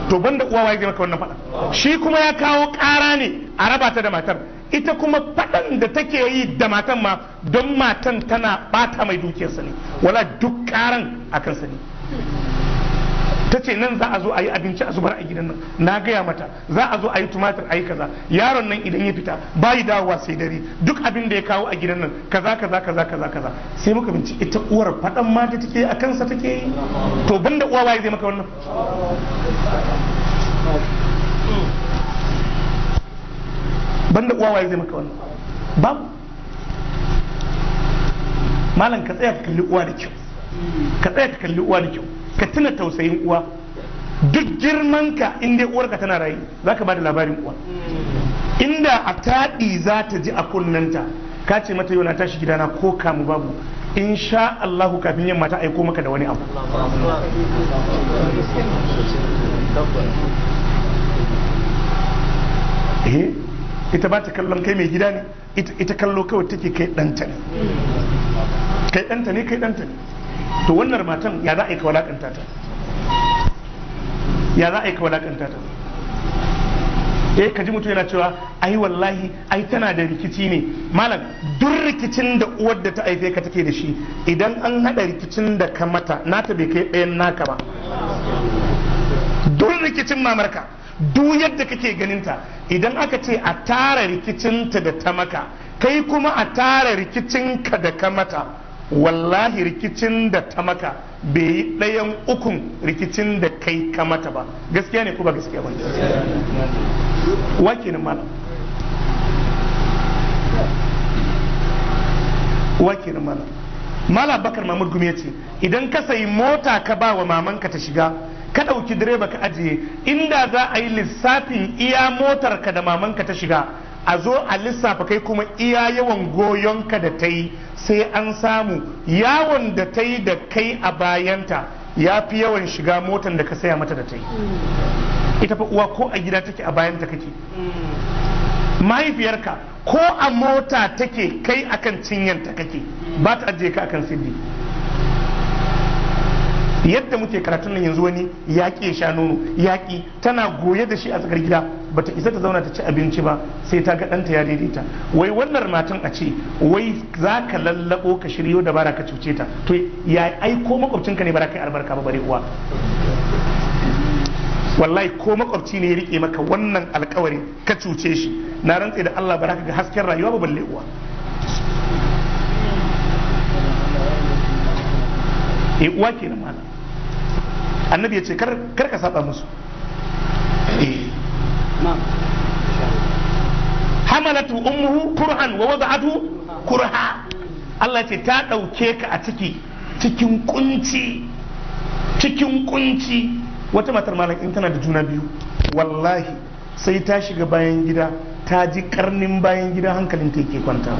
Speaker 1: to banda uwa waje maka wannan fadan shi kuma ya kawo ƙara ne a raba da matar ita kuma fadan da take yi da matan ma don matan tana bata mai dukiyarsa ne wala duk ƙaran akan sani. ta ce nan za a zo a yi abinci a zubar a gidan nan na gaya mata za a zo a yi tumatir a yi kaza yaron nan idan ya fita ba yi dawowa sai dare duk abin da ya kawo a gidan nan kaza kaza kaza kaza kaza sai muka binci ita uwar faɗan mata take a kansa take yi to banda uwa waye zai maka wannan banda uwa waye zai maka wannan babu malam ka tsaya ka kalli uwa da kyau ka tsaya ka kalli uwa da kyau ka tuna tausayin uwa duk girmanka in uwar uwarka tana rayu za ka ba da labarin uwa inda a taɗi za ta ji a kunnanta ka ce mata yau na tashi gidana ko kamu babu in sha Allahu kafin yamma ta aiko maka da wani abu eh ita ba ta kallon kai mai gida ne ita kallo kawai take kai ɗanta
Speaker 2: ne
Speaker 1: kai ɗanta ne kai ɗanta ne to wannan matan ya za a yi ka walakanta ta ya za a yi ka walakanta ta eh ka ji mutum yana cewa ai wallahi ai tana da rikici ne malam duk rikicin da uwar da ta haife ka take da shi idan an hada rikicin da ka mata nata bai kai ɗayan naka ba duk rikicin mamarka duk yadda kake ganinta idan aka ce a tara rikicinta da ta maka kai kuma a tara rikicinka da ka mata wallahi rikicin da ta maka bai yi ɗayan ukun rikicin da kai ka mata ba gaskiya ne ko ba gaskiya ba wakilin mana wakilin malam malam bakar mamud gumi ce idan ka sayi mota ka ba wa mamanka ta shiga ka ɗauki direba ka ajiye inda za a yi lissafin iya motar ka da mamanka ta shiga a zo a lissafa kai kuma iya yawan goyonka da ta yi sai an samu yawon da ta yi da kai a bayanta ya fi yawan shiga motan da ka saya mata da ta yi ita fa uwa ko a gida take a bayanta kake mahaifiyarka ko a mota take kai akan cinyanta kake ba ta ajiye ka akan siddi yadda muke karatun nan yanzu wani yaƙi ya sha nono yaƙi tana goye da shi a tsakar gida bata isa ta zauna ta ci abinci ba sai ta ga ɗanta ya daidaita wai wannan matan a ce wai za ka lallaɓo ka shiryo da bara ka cuce ta to ya aiko makwabcinka ne bara kai albarka ba bare uwa wallahi ko makwabci ne ya rike maka wannan alkawari ka cuce shi na rantse da Allah baraka ga hasken rayuwa ba balle uwa e uwa kenan malam annabi ya ce kar ka saba musu eh. hamalatu ummuhu kurhan wa wada'atu kurha Allah ce ta dauke ka a ciki cikin kunci cikin kunci wata matar malam in tana da juna biyu wallahi sai ta shiga bayan gida ta ji karnin bayan gida hankalin ta yake kwanta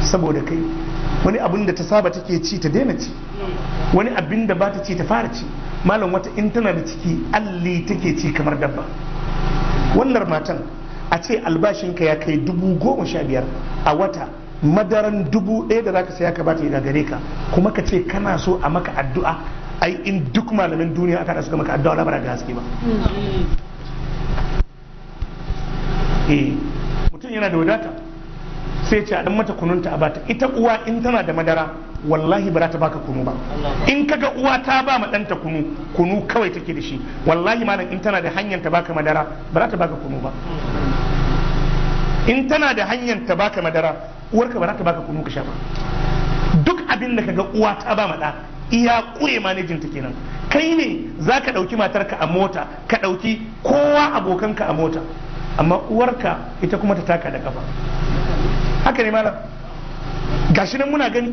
Speaker 1: saboda kai wani abin da ta saba take ci ta daina ci wani abin da ba ta ci ta fara ci malam wata in tana da ciki alli take ci kamar dabba wannan matan a ce albashinka ya kai dubu goma sha biyar a wata madaran dubu ɗaya da zaka saya ka bata ya gare ka kuma ka ce kana so a maka addu'a ai in duk malamin duniya aka rasu suka maka addu'a labara ga haske ba
Speaker 2: hmm.
Speaker 1: eh, mutum yana da wadata sai ce a dan mata kununta a bata ita uwa in tana da madara wallahi ba za ta baka kunu ba in kaga uwa ta ba ma ɗanta kunu kunu kawai take da shi wallahi malam in tana da hanyar ta baka madara ba za ta baka kunu ba in tana da hanyar ta baka madara uwarka ba za ta baka kunu ka sha ba duk abin da kaga uwa ta ba ma ɗa iya kure manejin ta kenan kai ne za ka ɗauki matarka a mota ka ɗauki kowa abokanka a mota amma uwarka ita kuma ta taka da kafa haka ne malam gashi nan muna gani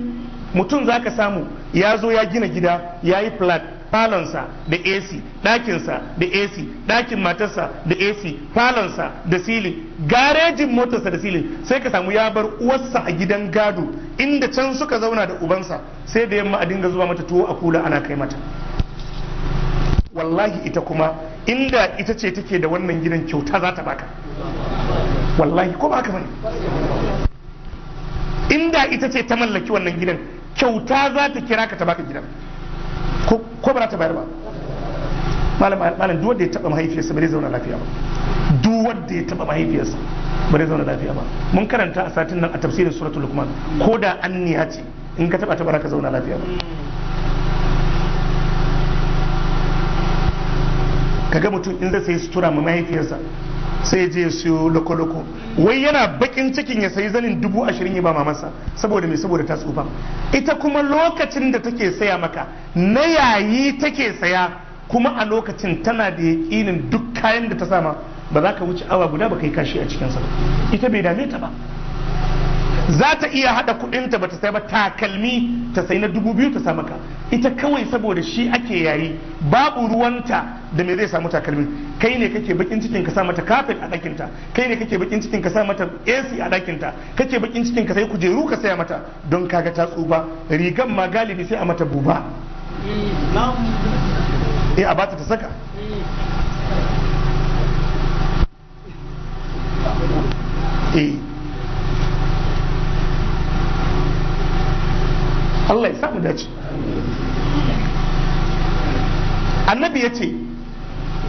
Speaker 1: mutum za ka samu ya zo ya gina gida ya yi flat falonsa da ac ɗakinsa da ac ɗakin matarsa da ac falonsa da silin garejin motarsa da silin sai ka samu ya bar uwarsa a gidan gado inda can suka zauna da ubansa sai da yamma a dinga zuwa mata tuwo a kula ana kai mata wallahi ita kuma inda ita ce take da wannan gidan kyauta za ta baka wallahi ko ba haka bane inda ita ce ta mallaki wannan gidan kyauta za ta kira ka ta baka gidan ko ba za ta bayar ba malam malam duk wanda ya taba mahaifiyarsa ba zauna lafiya ba duk wanda ya taba mahaifiyarsa ba zauna lafiya ba mun karanta a satin nan a tafsirin suratul lukman ko da anniya ce in ka taba ta ba ka zauna lafiya ba kaga mutum in zai sai sutura ma mahaifiyarsa sai je ya siyo loko-loko wai yana bakin cikin ya sayi zanin dubu ashirin ya ba mamansa saboda mai saboda ta tsufa ita kuma lokacin da take saya maka na yayi take saya kuma a lokacin tana da yakinin duk kayan da ta sama ba za ka wuce awa guda ba kai kashi a cikin ba ita bai dame ta ba za ta iya haɗa kuɗinta ba ta sai ba takalmi ta sai na dubu biyu ta samu ka ita kawai saboda shi ake yayi babu ruwanta da me zai samu takalmi kai ne kake bakin cikin ka sa mata kafin a ɗakinta kai ne kake bakin cikin ka sa mata AC a ɗakinta kake bakin cikin ka sai kujeru ka saya mata don kaga ta tsuba rigan ma galibi sai a mata buba eh a bata ta saka eh Allah ya samu dace annabi ya ce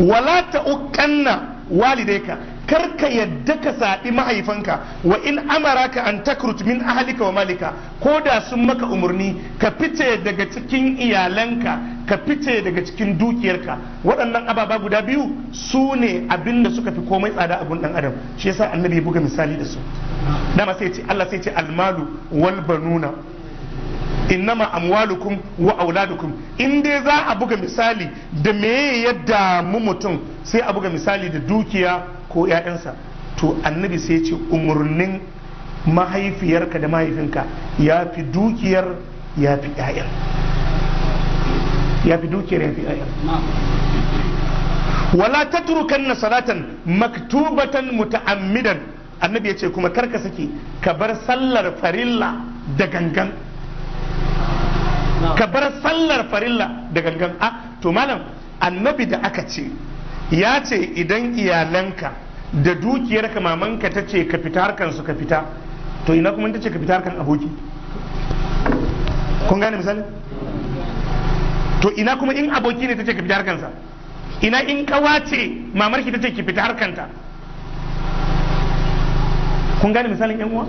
Speaker 1: wala ta'uqanna walidayka kar ka yadda ka saɗi mahaifanka wa in Amara ka an takrut min ahalika wa malika ko da sun maka umarni ka fice daga cikin iyalanka ka fice daga cikin dukiyarka waɗannan ababa guda biyu su ne abin da suka fi komai tsada a gun ɗan adam shi yasa annabi ya buga misali da su dama sai ce Allah sai ce almalu wal banuna innama amwalukum wa auladukum in dai za a buga misali da me yadda mu mutum sai a buga misali da dukiya ko 'ya'yansa to annabi sai ce umurnin mahaifiyarka da mahaifinka ya fi dukiyar ya fi 'ya'yan ya fi dukiyar ya fi ƴaƴan wala tatrukanna salatan maktubatan muta'ammidan annabi ya ce kuma karka saki ka bar sallar farilla da gangan ka bar sallar farilla da gangan a ah, to malam annabi da aka ce ya ce idan iyalanka da dukiyarka mamanka ta ce ka fita harkan su ka fita to ina kuma ta ce ka fita harkan aboki kun gane misali to ina kuma in aboki ne ta ce ka fita harkansa ina in kawa ce mamarki ta ce ki fita harkanta kun gane misalin yan uwa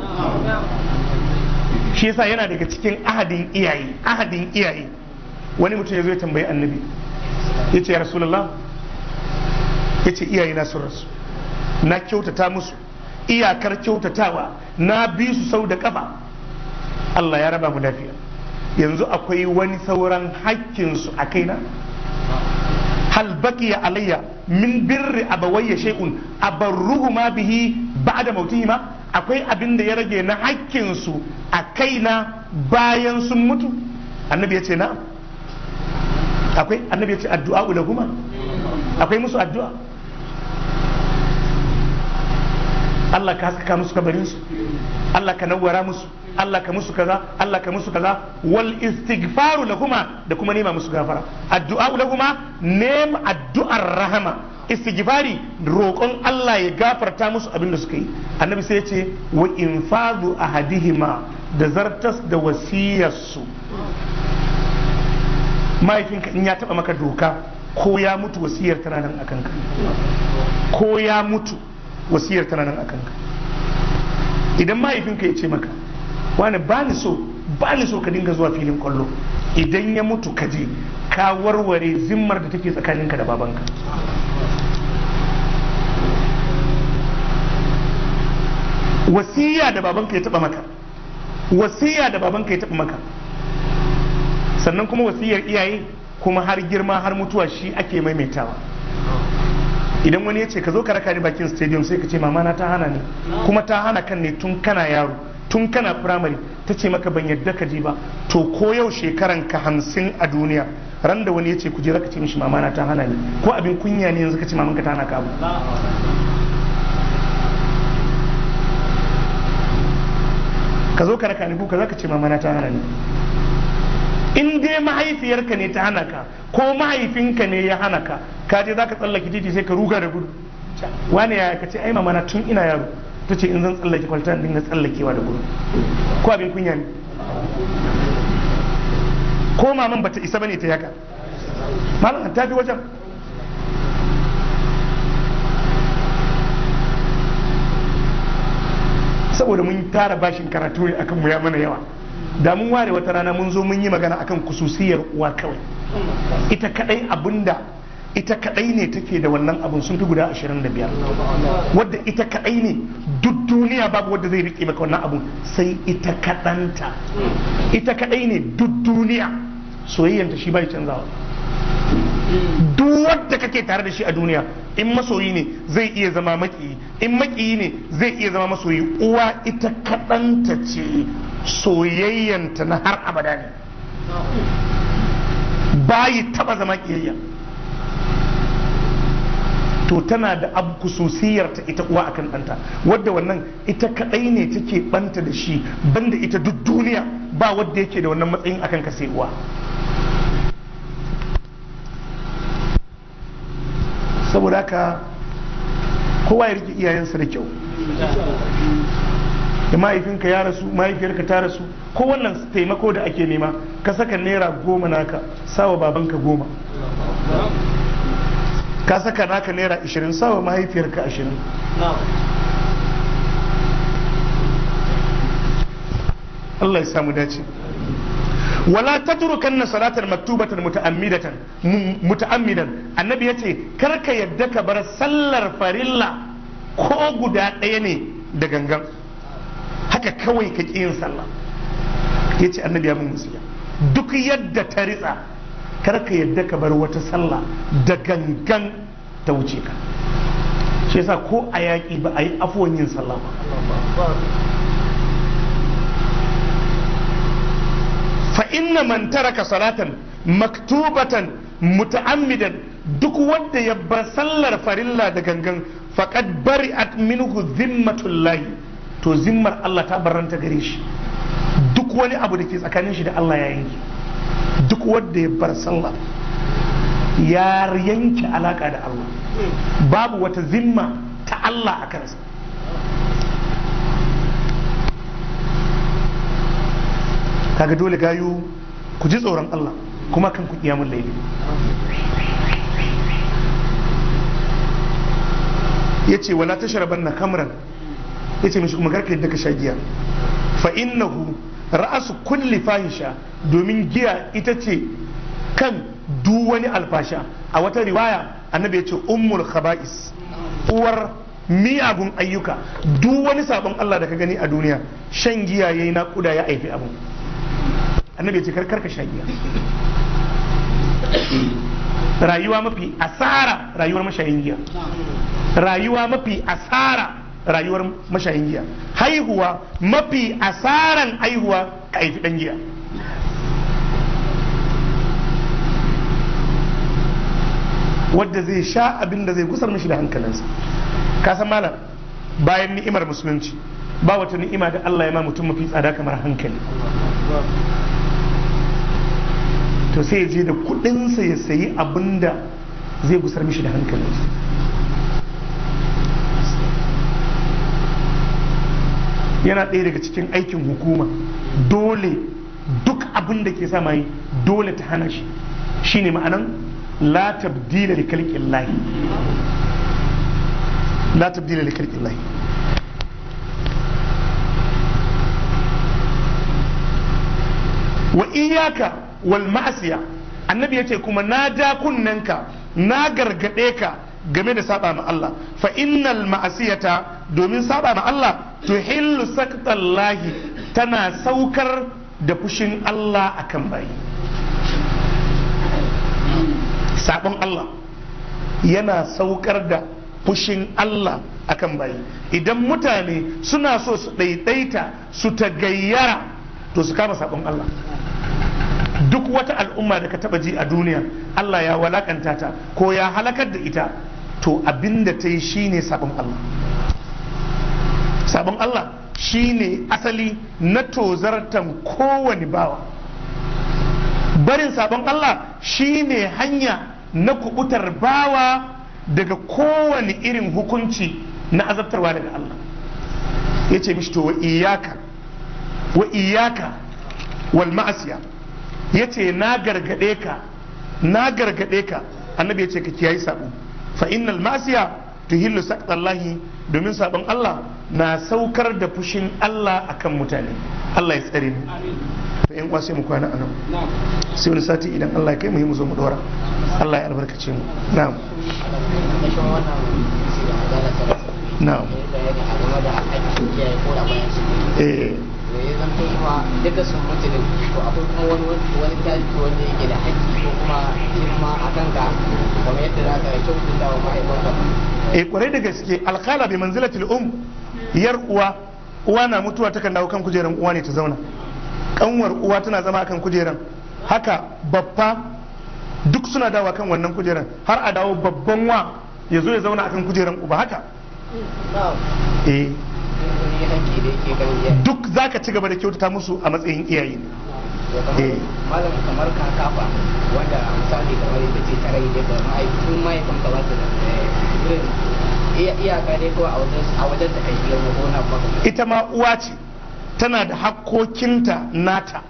Speaker 1: shi yasa yana daga cikin ahadin iyaye ahadin iyaye wani mutum ya zo ya tambayi annabi ya ce ya rasulullah ya ce iyaye na sun rasu na kyautata musu iyakar kyautatawa na bi su sau da kafa Allah ya raba mu lafiya yanzu akwai wani sauran hakkinsu a kaina hal baqiya alayya min birri abawayya shay'un ma bihi ba'da mautihima akwai abin da ya rage na hakkinsu a kaina bayan sun mutu annabi ya ce na akwai annabi ya ce addu'a kuma akwai musu addu'a Allah ka haskaka musu kabarinsu Allah ka nawwara musu Allah ka musu kaza Allah ka musu kaza wal istighfaru lahuma da kuma nema musu gafara addu'a lahuma nema addu'ar rahama istighfari roƙon Allah ya gafarta musu abin da suka yi annabi sai ya ce wa infadu ahadihima da zartas da wasiyarsu mahaifinka in ya taba maka doka ko ya mutu wasiyar tana nan akan ka ko ya mutu wasiyar tana nan akan ka idan mahaifinka ya ce maka wani ba ni so ba so ka dinga zuwa filin kwallo idan ya mutu ka je ka warware zimmar da take tsakaninka da babanka wasiya da babanka ya taba maka wasiya da babanka ya taba maka sannan kuma wasiyar iyaye kuma har girma har mutuwa shi ake maimaitawa idan wani ya ce ka zo ka raka ni bakin stadium sai ka ce mama na ta hana ne kuma ta hana kan ne tun kana yaro tun kana firamare ta ce maka ban yadda ka je ba to ko yau shekaran ka hamsin a duniya ran da wani ya ce kujera ka ce mishi mama na ta hana ni ko abin kunya ne yanzu ka ce maman ka ta hana ka ka zo ka raka ni kuka zaka ce mama na ta hana ni in dai mahaifiyarka ne ta hana ka ko mahaifinka ne ya hana ka ka je zaka tsallake titi sai ka ruga da gudu wani ya ka ce ai mama na tun ina yaro ta ce in zan tsallake kwalta in na tsallakewa da gudu ko abin kunya ne ko maman bata isa bane ta yaka malam ta fi wajen saboda mun tara bashin karatu ne akan mu ya mana yawa da mun ware wata rana mun zo mun yi magana akan kususiyar uwa kawai ita kadai abinda ita kadai ne take da wannan abun sun fi guda 25 wadda ita kadai ne duk duniya babu wadda zai rike maka wannan abun sai ita kadanta ita kadai ne duk duniya soyayyanta shi bai canzawa duk wadda kake tare da shi a duniya in masoyi ne zai iya zama makiyi in maki ne zai iya zama masoyi uwa ita kadanta ce soyayyanta na har abada ne bayi taba zama kiyayya to tana da abu ta ita uwa akan ɗanta wadda wannan ita kaɗai ne take ɓanta da shi banda ita duk duniya ba wadda yake da wannan matsayin akan ka sai uwa saboda haka kowa ya rike iyayensa da kyau da mahaifinka ya rasu mahaifiyarka ta rasu ko wannan taimako da ake nema ka saka naira goma naka sawa babanka goma ka saka naka naira ashirin sawa mahaifiyarka ashirin Allah ya samu dace wala tatrukan na salatar maktubatan muta'ammidatan muta'ammidan annabi yace kar ka yadda ka bar sallar farilla ko guda ɗaya ne da gangan haka kawai ka ƙi yin sallah yace annabi ya mun musiya duk yadda ta ritsa karka yadda ka bar wata sallah da gangan ta wuce ka shi yasa ko a yaƙi ba a yi afuwan yin sallah ba fa inna man taraka salatan maktubatan muta'ammidan duk wanda ya bar sallar farilla da gangan faqad bari'at minhu lahi to zimmar Allah ta baranta gare shi duk wani abu da ke tsakanin shi da Allah ya yanke duk wanda ya bar sallah ya yanke alaka da Allah babu wata zimma ta Allah a kansa kaga dole gayu ku ji tsoron Allah kuma kan ku kiyamun laili ya ce wala ta sharaban na kamran ya ce mishi kuma garka yadda ka sha giya fa innahu ra'asu kulli fahisha domin giya ita ce kan duwani wani alfasha a wata riwaya annabi ya ce ummul khaba'is uwar miyagun ayyuka duwani wani sabon Allah da ka gani a duniya shan giya yayi na kuda ya aifi abun annabi ya ce karkar ka sha giya rayuwa mafi asara rayuwar mashayin giya rayuwa mafi asara rayuwar mashayin giya haihuwa mafi asaran haihuwa ka haifi ɗan giya wadda zai sha abin da zai gusar mashi da hankalinsa ka san malam bayan ni'imar musulunci ba wata ni'ima da Allah ya ma mutum mafi tsada kamar hankali to sai ya je da kudinsa ya sayi abinda da zai gusar mishi da hankalinsa yana ɗaya daga cikin aikin hukuma dole duk abin da ke sama yi dole ta hana shi shi ne ma'anan la tabdila da khalqillahi wa iyaka wal ma'asiya annabi ce kuma na ja ka na gargade ka game da saba ma Allah fa innal ma'asiyata domin saba ma Allah tuhillu saktallahi tana saukar da fushin Allah akan bayi sabon Allah yana saukar da fushin Allah akan bayi idan mutane suna so su ɗaiɗaita su gayyara, to su kama sabon Allah duk wata al'umma da ka taba ji a duniya Allah ya walakanta ta ko ya halakar da ita to abinda ta yi ne sabon Allah sabon Allah shine asali na tozartan kowane bawa barin sabon Allah shi ne hanya na kubutar bawa daga kowane irin hukunci na azabtarwa daga Allah ya ce mishi to wa iyaka wa iyaka wal ma'asiya ya ce na gargade ka na gargade ka annabi ya ce ka kiyayi sabo fa innal masiya tuhillu saqtallahi domin sabon Allah na saukar da fushin Allah akan mutane Allah ya tsare mu to yan kwasai mu kwana anan sai wani sati idan Allah ya kai mu mu zo mu dora Allah ya albarkace mu na'am na'am eh,
Speaker 2: da ya zanto kuma duka sun mutu to akwai kuma wani wani wanda yake da haƙƙi ko kuma girma a ka kamar yadda za ka
Speaker 1: wa eh, gaske bi um, yar uwa uwa na mutuwa takan dawo kan kujeran uwa ne ta zauna kanwar uwa tana zama akan kujeran haka babba duk suna dawa kan wannan kujeran har a dawo babban wa ya zo ya zauna akan kujeran uba haka eh duk za ka ci gaba da kyautata musu a matsayin iyaye eh. su eh, ita ma uwa ce tana da hakkokinta nata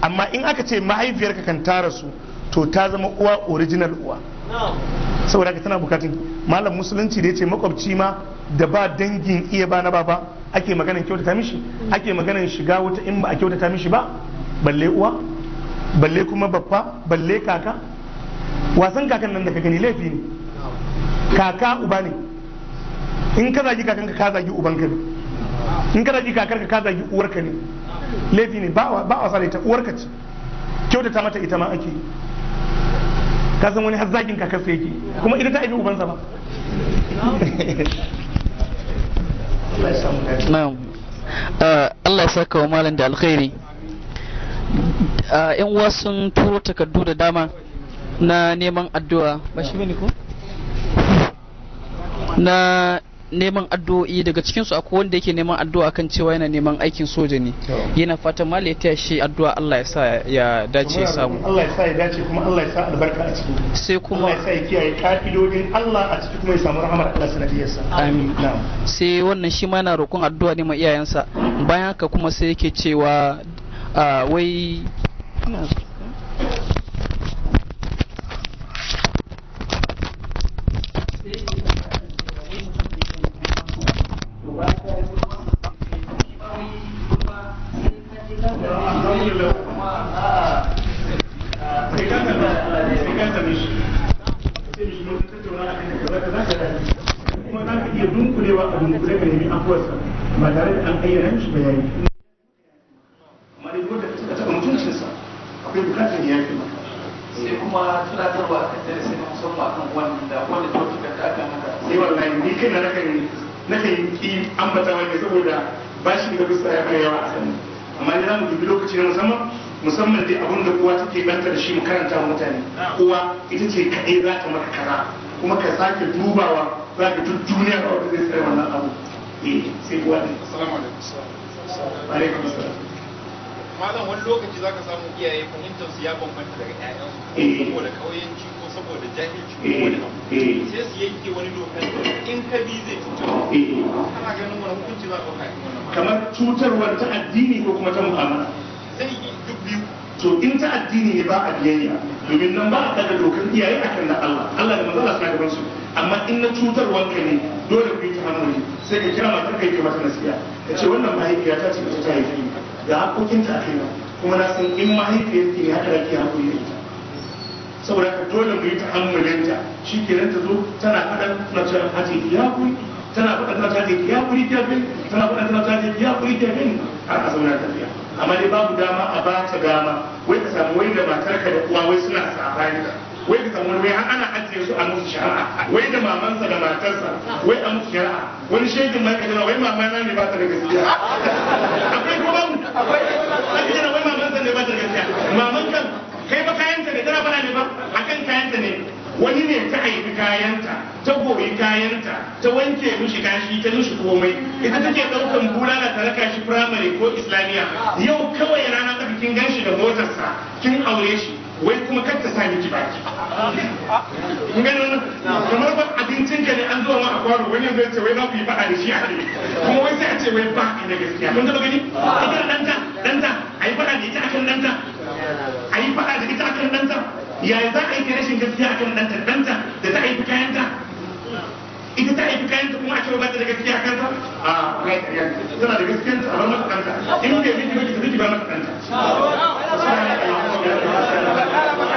Speaker 1: amma in aka ce mahaifiyarka kan tara su to ta zama uwa original uwa saboda ka tana bukatun malam musulunci da ya ce makwabci ma da ba dangin iya ba na baba ake maganan kyautata mishi ake maganan shiga wata in ba a kyautata mishi ba balle uwa balle kuma babba balle kaka wasan kakan nan da ka gani laifi ne kaka uba ne in ka zagi kakan ka zagi uban ka ne in ka zagi kakar ka zagi uwar ka ne laifi ne ba ba wasa da ita uwar ka ce kyautata mata ita ma ake ka san wani har zagin kakar sai yake kuma ita ta aibi ubansa ba Ah, Allah ya saka wa malam da alkhairi ah, yan uwa sun turo takardu da dama na neman addu'a ba shi ko na neman addu'o'i daga cikin su akwai wanda yake neman addu'a kan cewa yana neman aikin soja ne yana fatan mali ya taya shi addu'a Allah ya sa ya dace ya samu Allah ya sa ya dace kuma Allah ya sa albarka a ciki sai kuma Allah ya sa ya kiyaye kafidodin Allah a ciki kuma ya samu rahmar Allah sanadiyarsa amin sai wannan shi ma yana roƙon addu'a ne ma iyayensa bayan haka kuma sai yake cewa ah, wai darussa ya kai yawa a sani amma idan mu dubi lokaci na musamman musamman dai abin da kowa take banta da shi mu karanta mutane kowa ita ce kaɗai za ta maka kaza kuma ka sake dubawa za ka tun duniya ba wanda zai tsaya wannan abu eh sai kowa ne assalamu alaikum alaikum malam wani lokaci za ka samu iyaye fahimtar su ya bambanta daga ƴaƴansu eh. saboda kauyanci ko saboda jahilci ko wani eh. abu Eh. sai wani cutar eh. wani kamar cutarwar ta addini ko kuma ta mu'amala yi to in ta addini ne ba a biyayya domin nan ba a daga dokar iyaye a na Allah Allah da manzo Allah suna su amma in na cutar wanka ne dole ku yi ta hannu sai ka kira mata kai ke mata nasiya ka ce wannan mahaifiya ta ce ta haifi da hakokinta a ba. kuma na san in mahaifiyar ki ne haka da ke hakuri da ita saboda ka dole mu yi ta shi kenan ta zo tana faɗa tana cewa ya kuri tana faɗa tana cewa ya kuri ta bin tana faɗa tana cewa ya kuri ta bin har a zauna tafiya amma dai babu dama a ba ta dama wai ka samu wai da ka da uwa wai suna sabani wai ka samu wai har ana ajiye su a musu shari'a wai da mamansa da matarsa wai a musu shari'a wani shaikin mai kaga wai mamana ne ba ta da gaskiya akwai kuma akwai wai mamansa ne ba ta da gaskiya kai ba kayanta ne dara bana ne ba a kan kayanta ne wani ne ta aiki kayanta ta goyi kayanta ta wanke mishi kashi ta mishi komai ita take daukan bula ta raka shi firamare ko islamiya yau kawai rana ta kin ganshi da motarsa kin aure shi wai kuma kar ta sa miki baki kun gani kamar ba abincin ka ne an zo ma a kwaro wani zai ce wai ba ku yi faɗa da shi a ne kuma wai sai a ce wai ba ka na gaskiya kun ta gani ita danta danta a yi faɗa da ita akan danta a yi faɗa da ita akan ɗanta ya za a yi rashin gaskiya akan ɗanta ɗanta da ta aiki kayanta ita ta aiki kayanta kuma ake ba ta da gaskiya akan ta a tana da gaskiya ta bar masa kanta in da yake miki ba ki ba masa kanta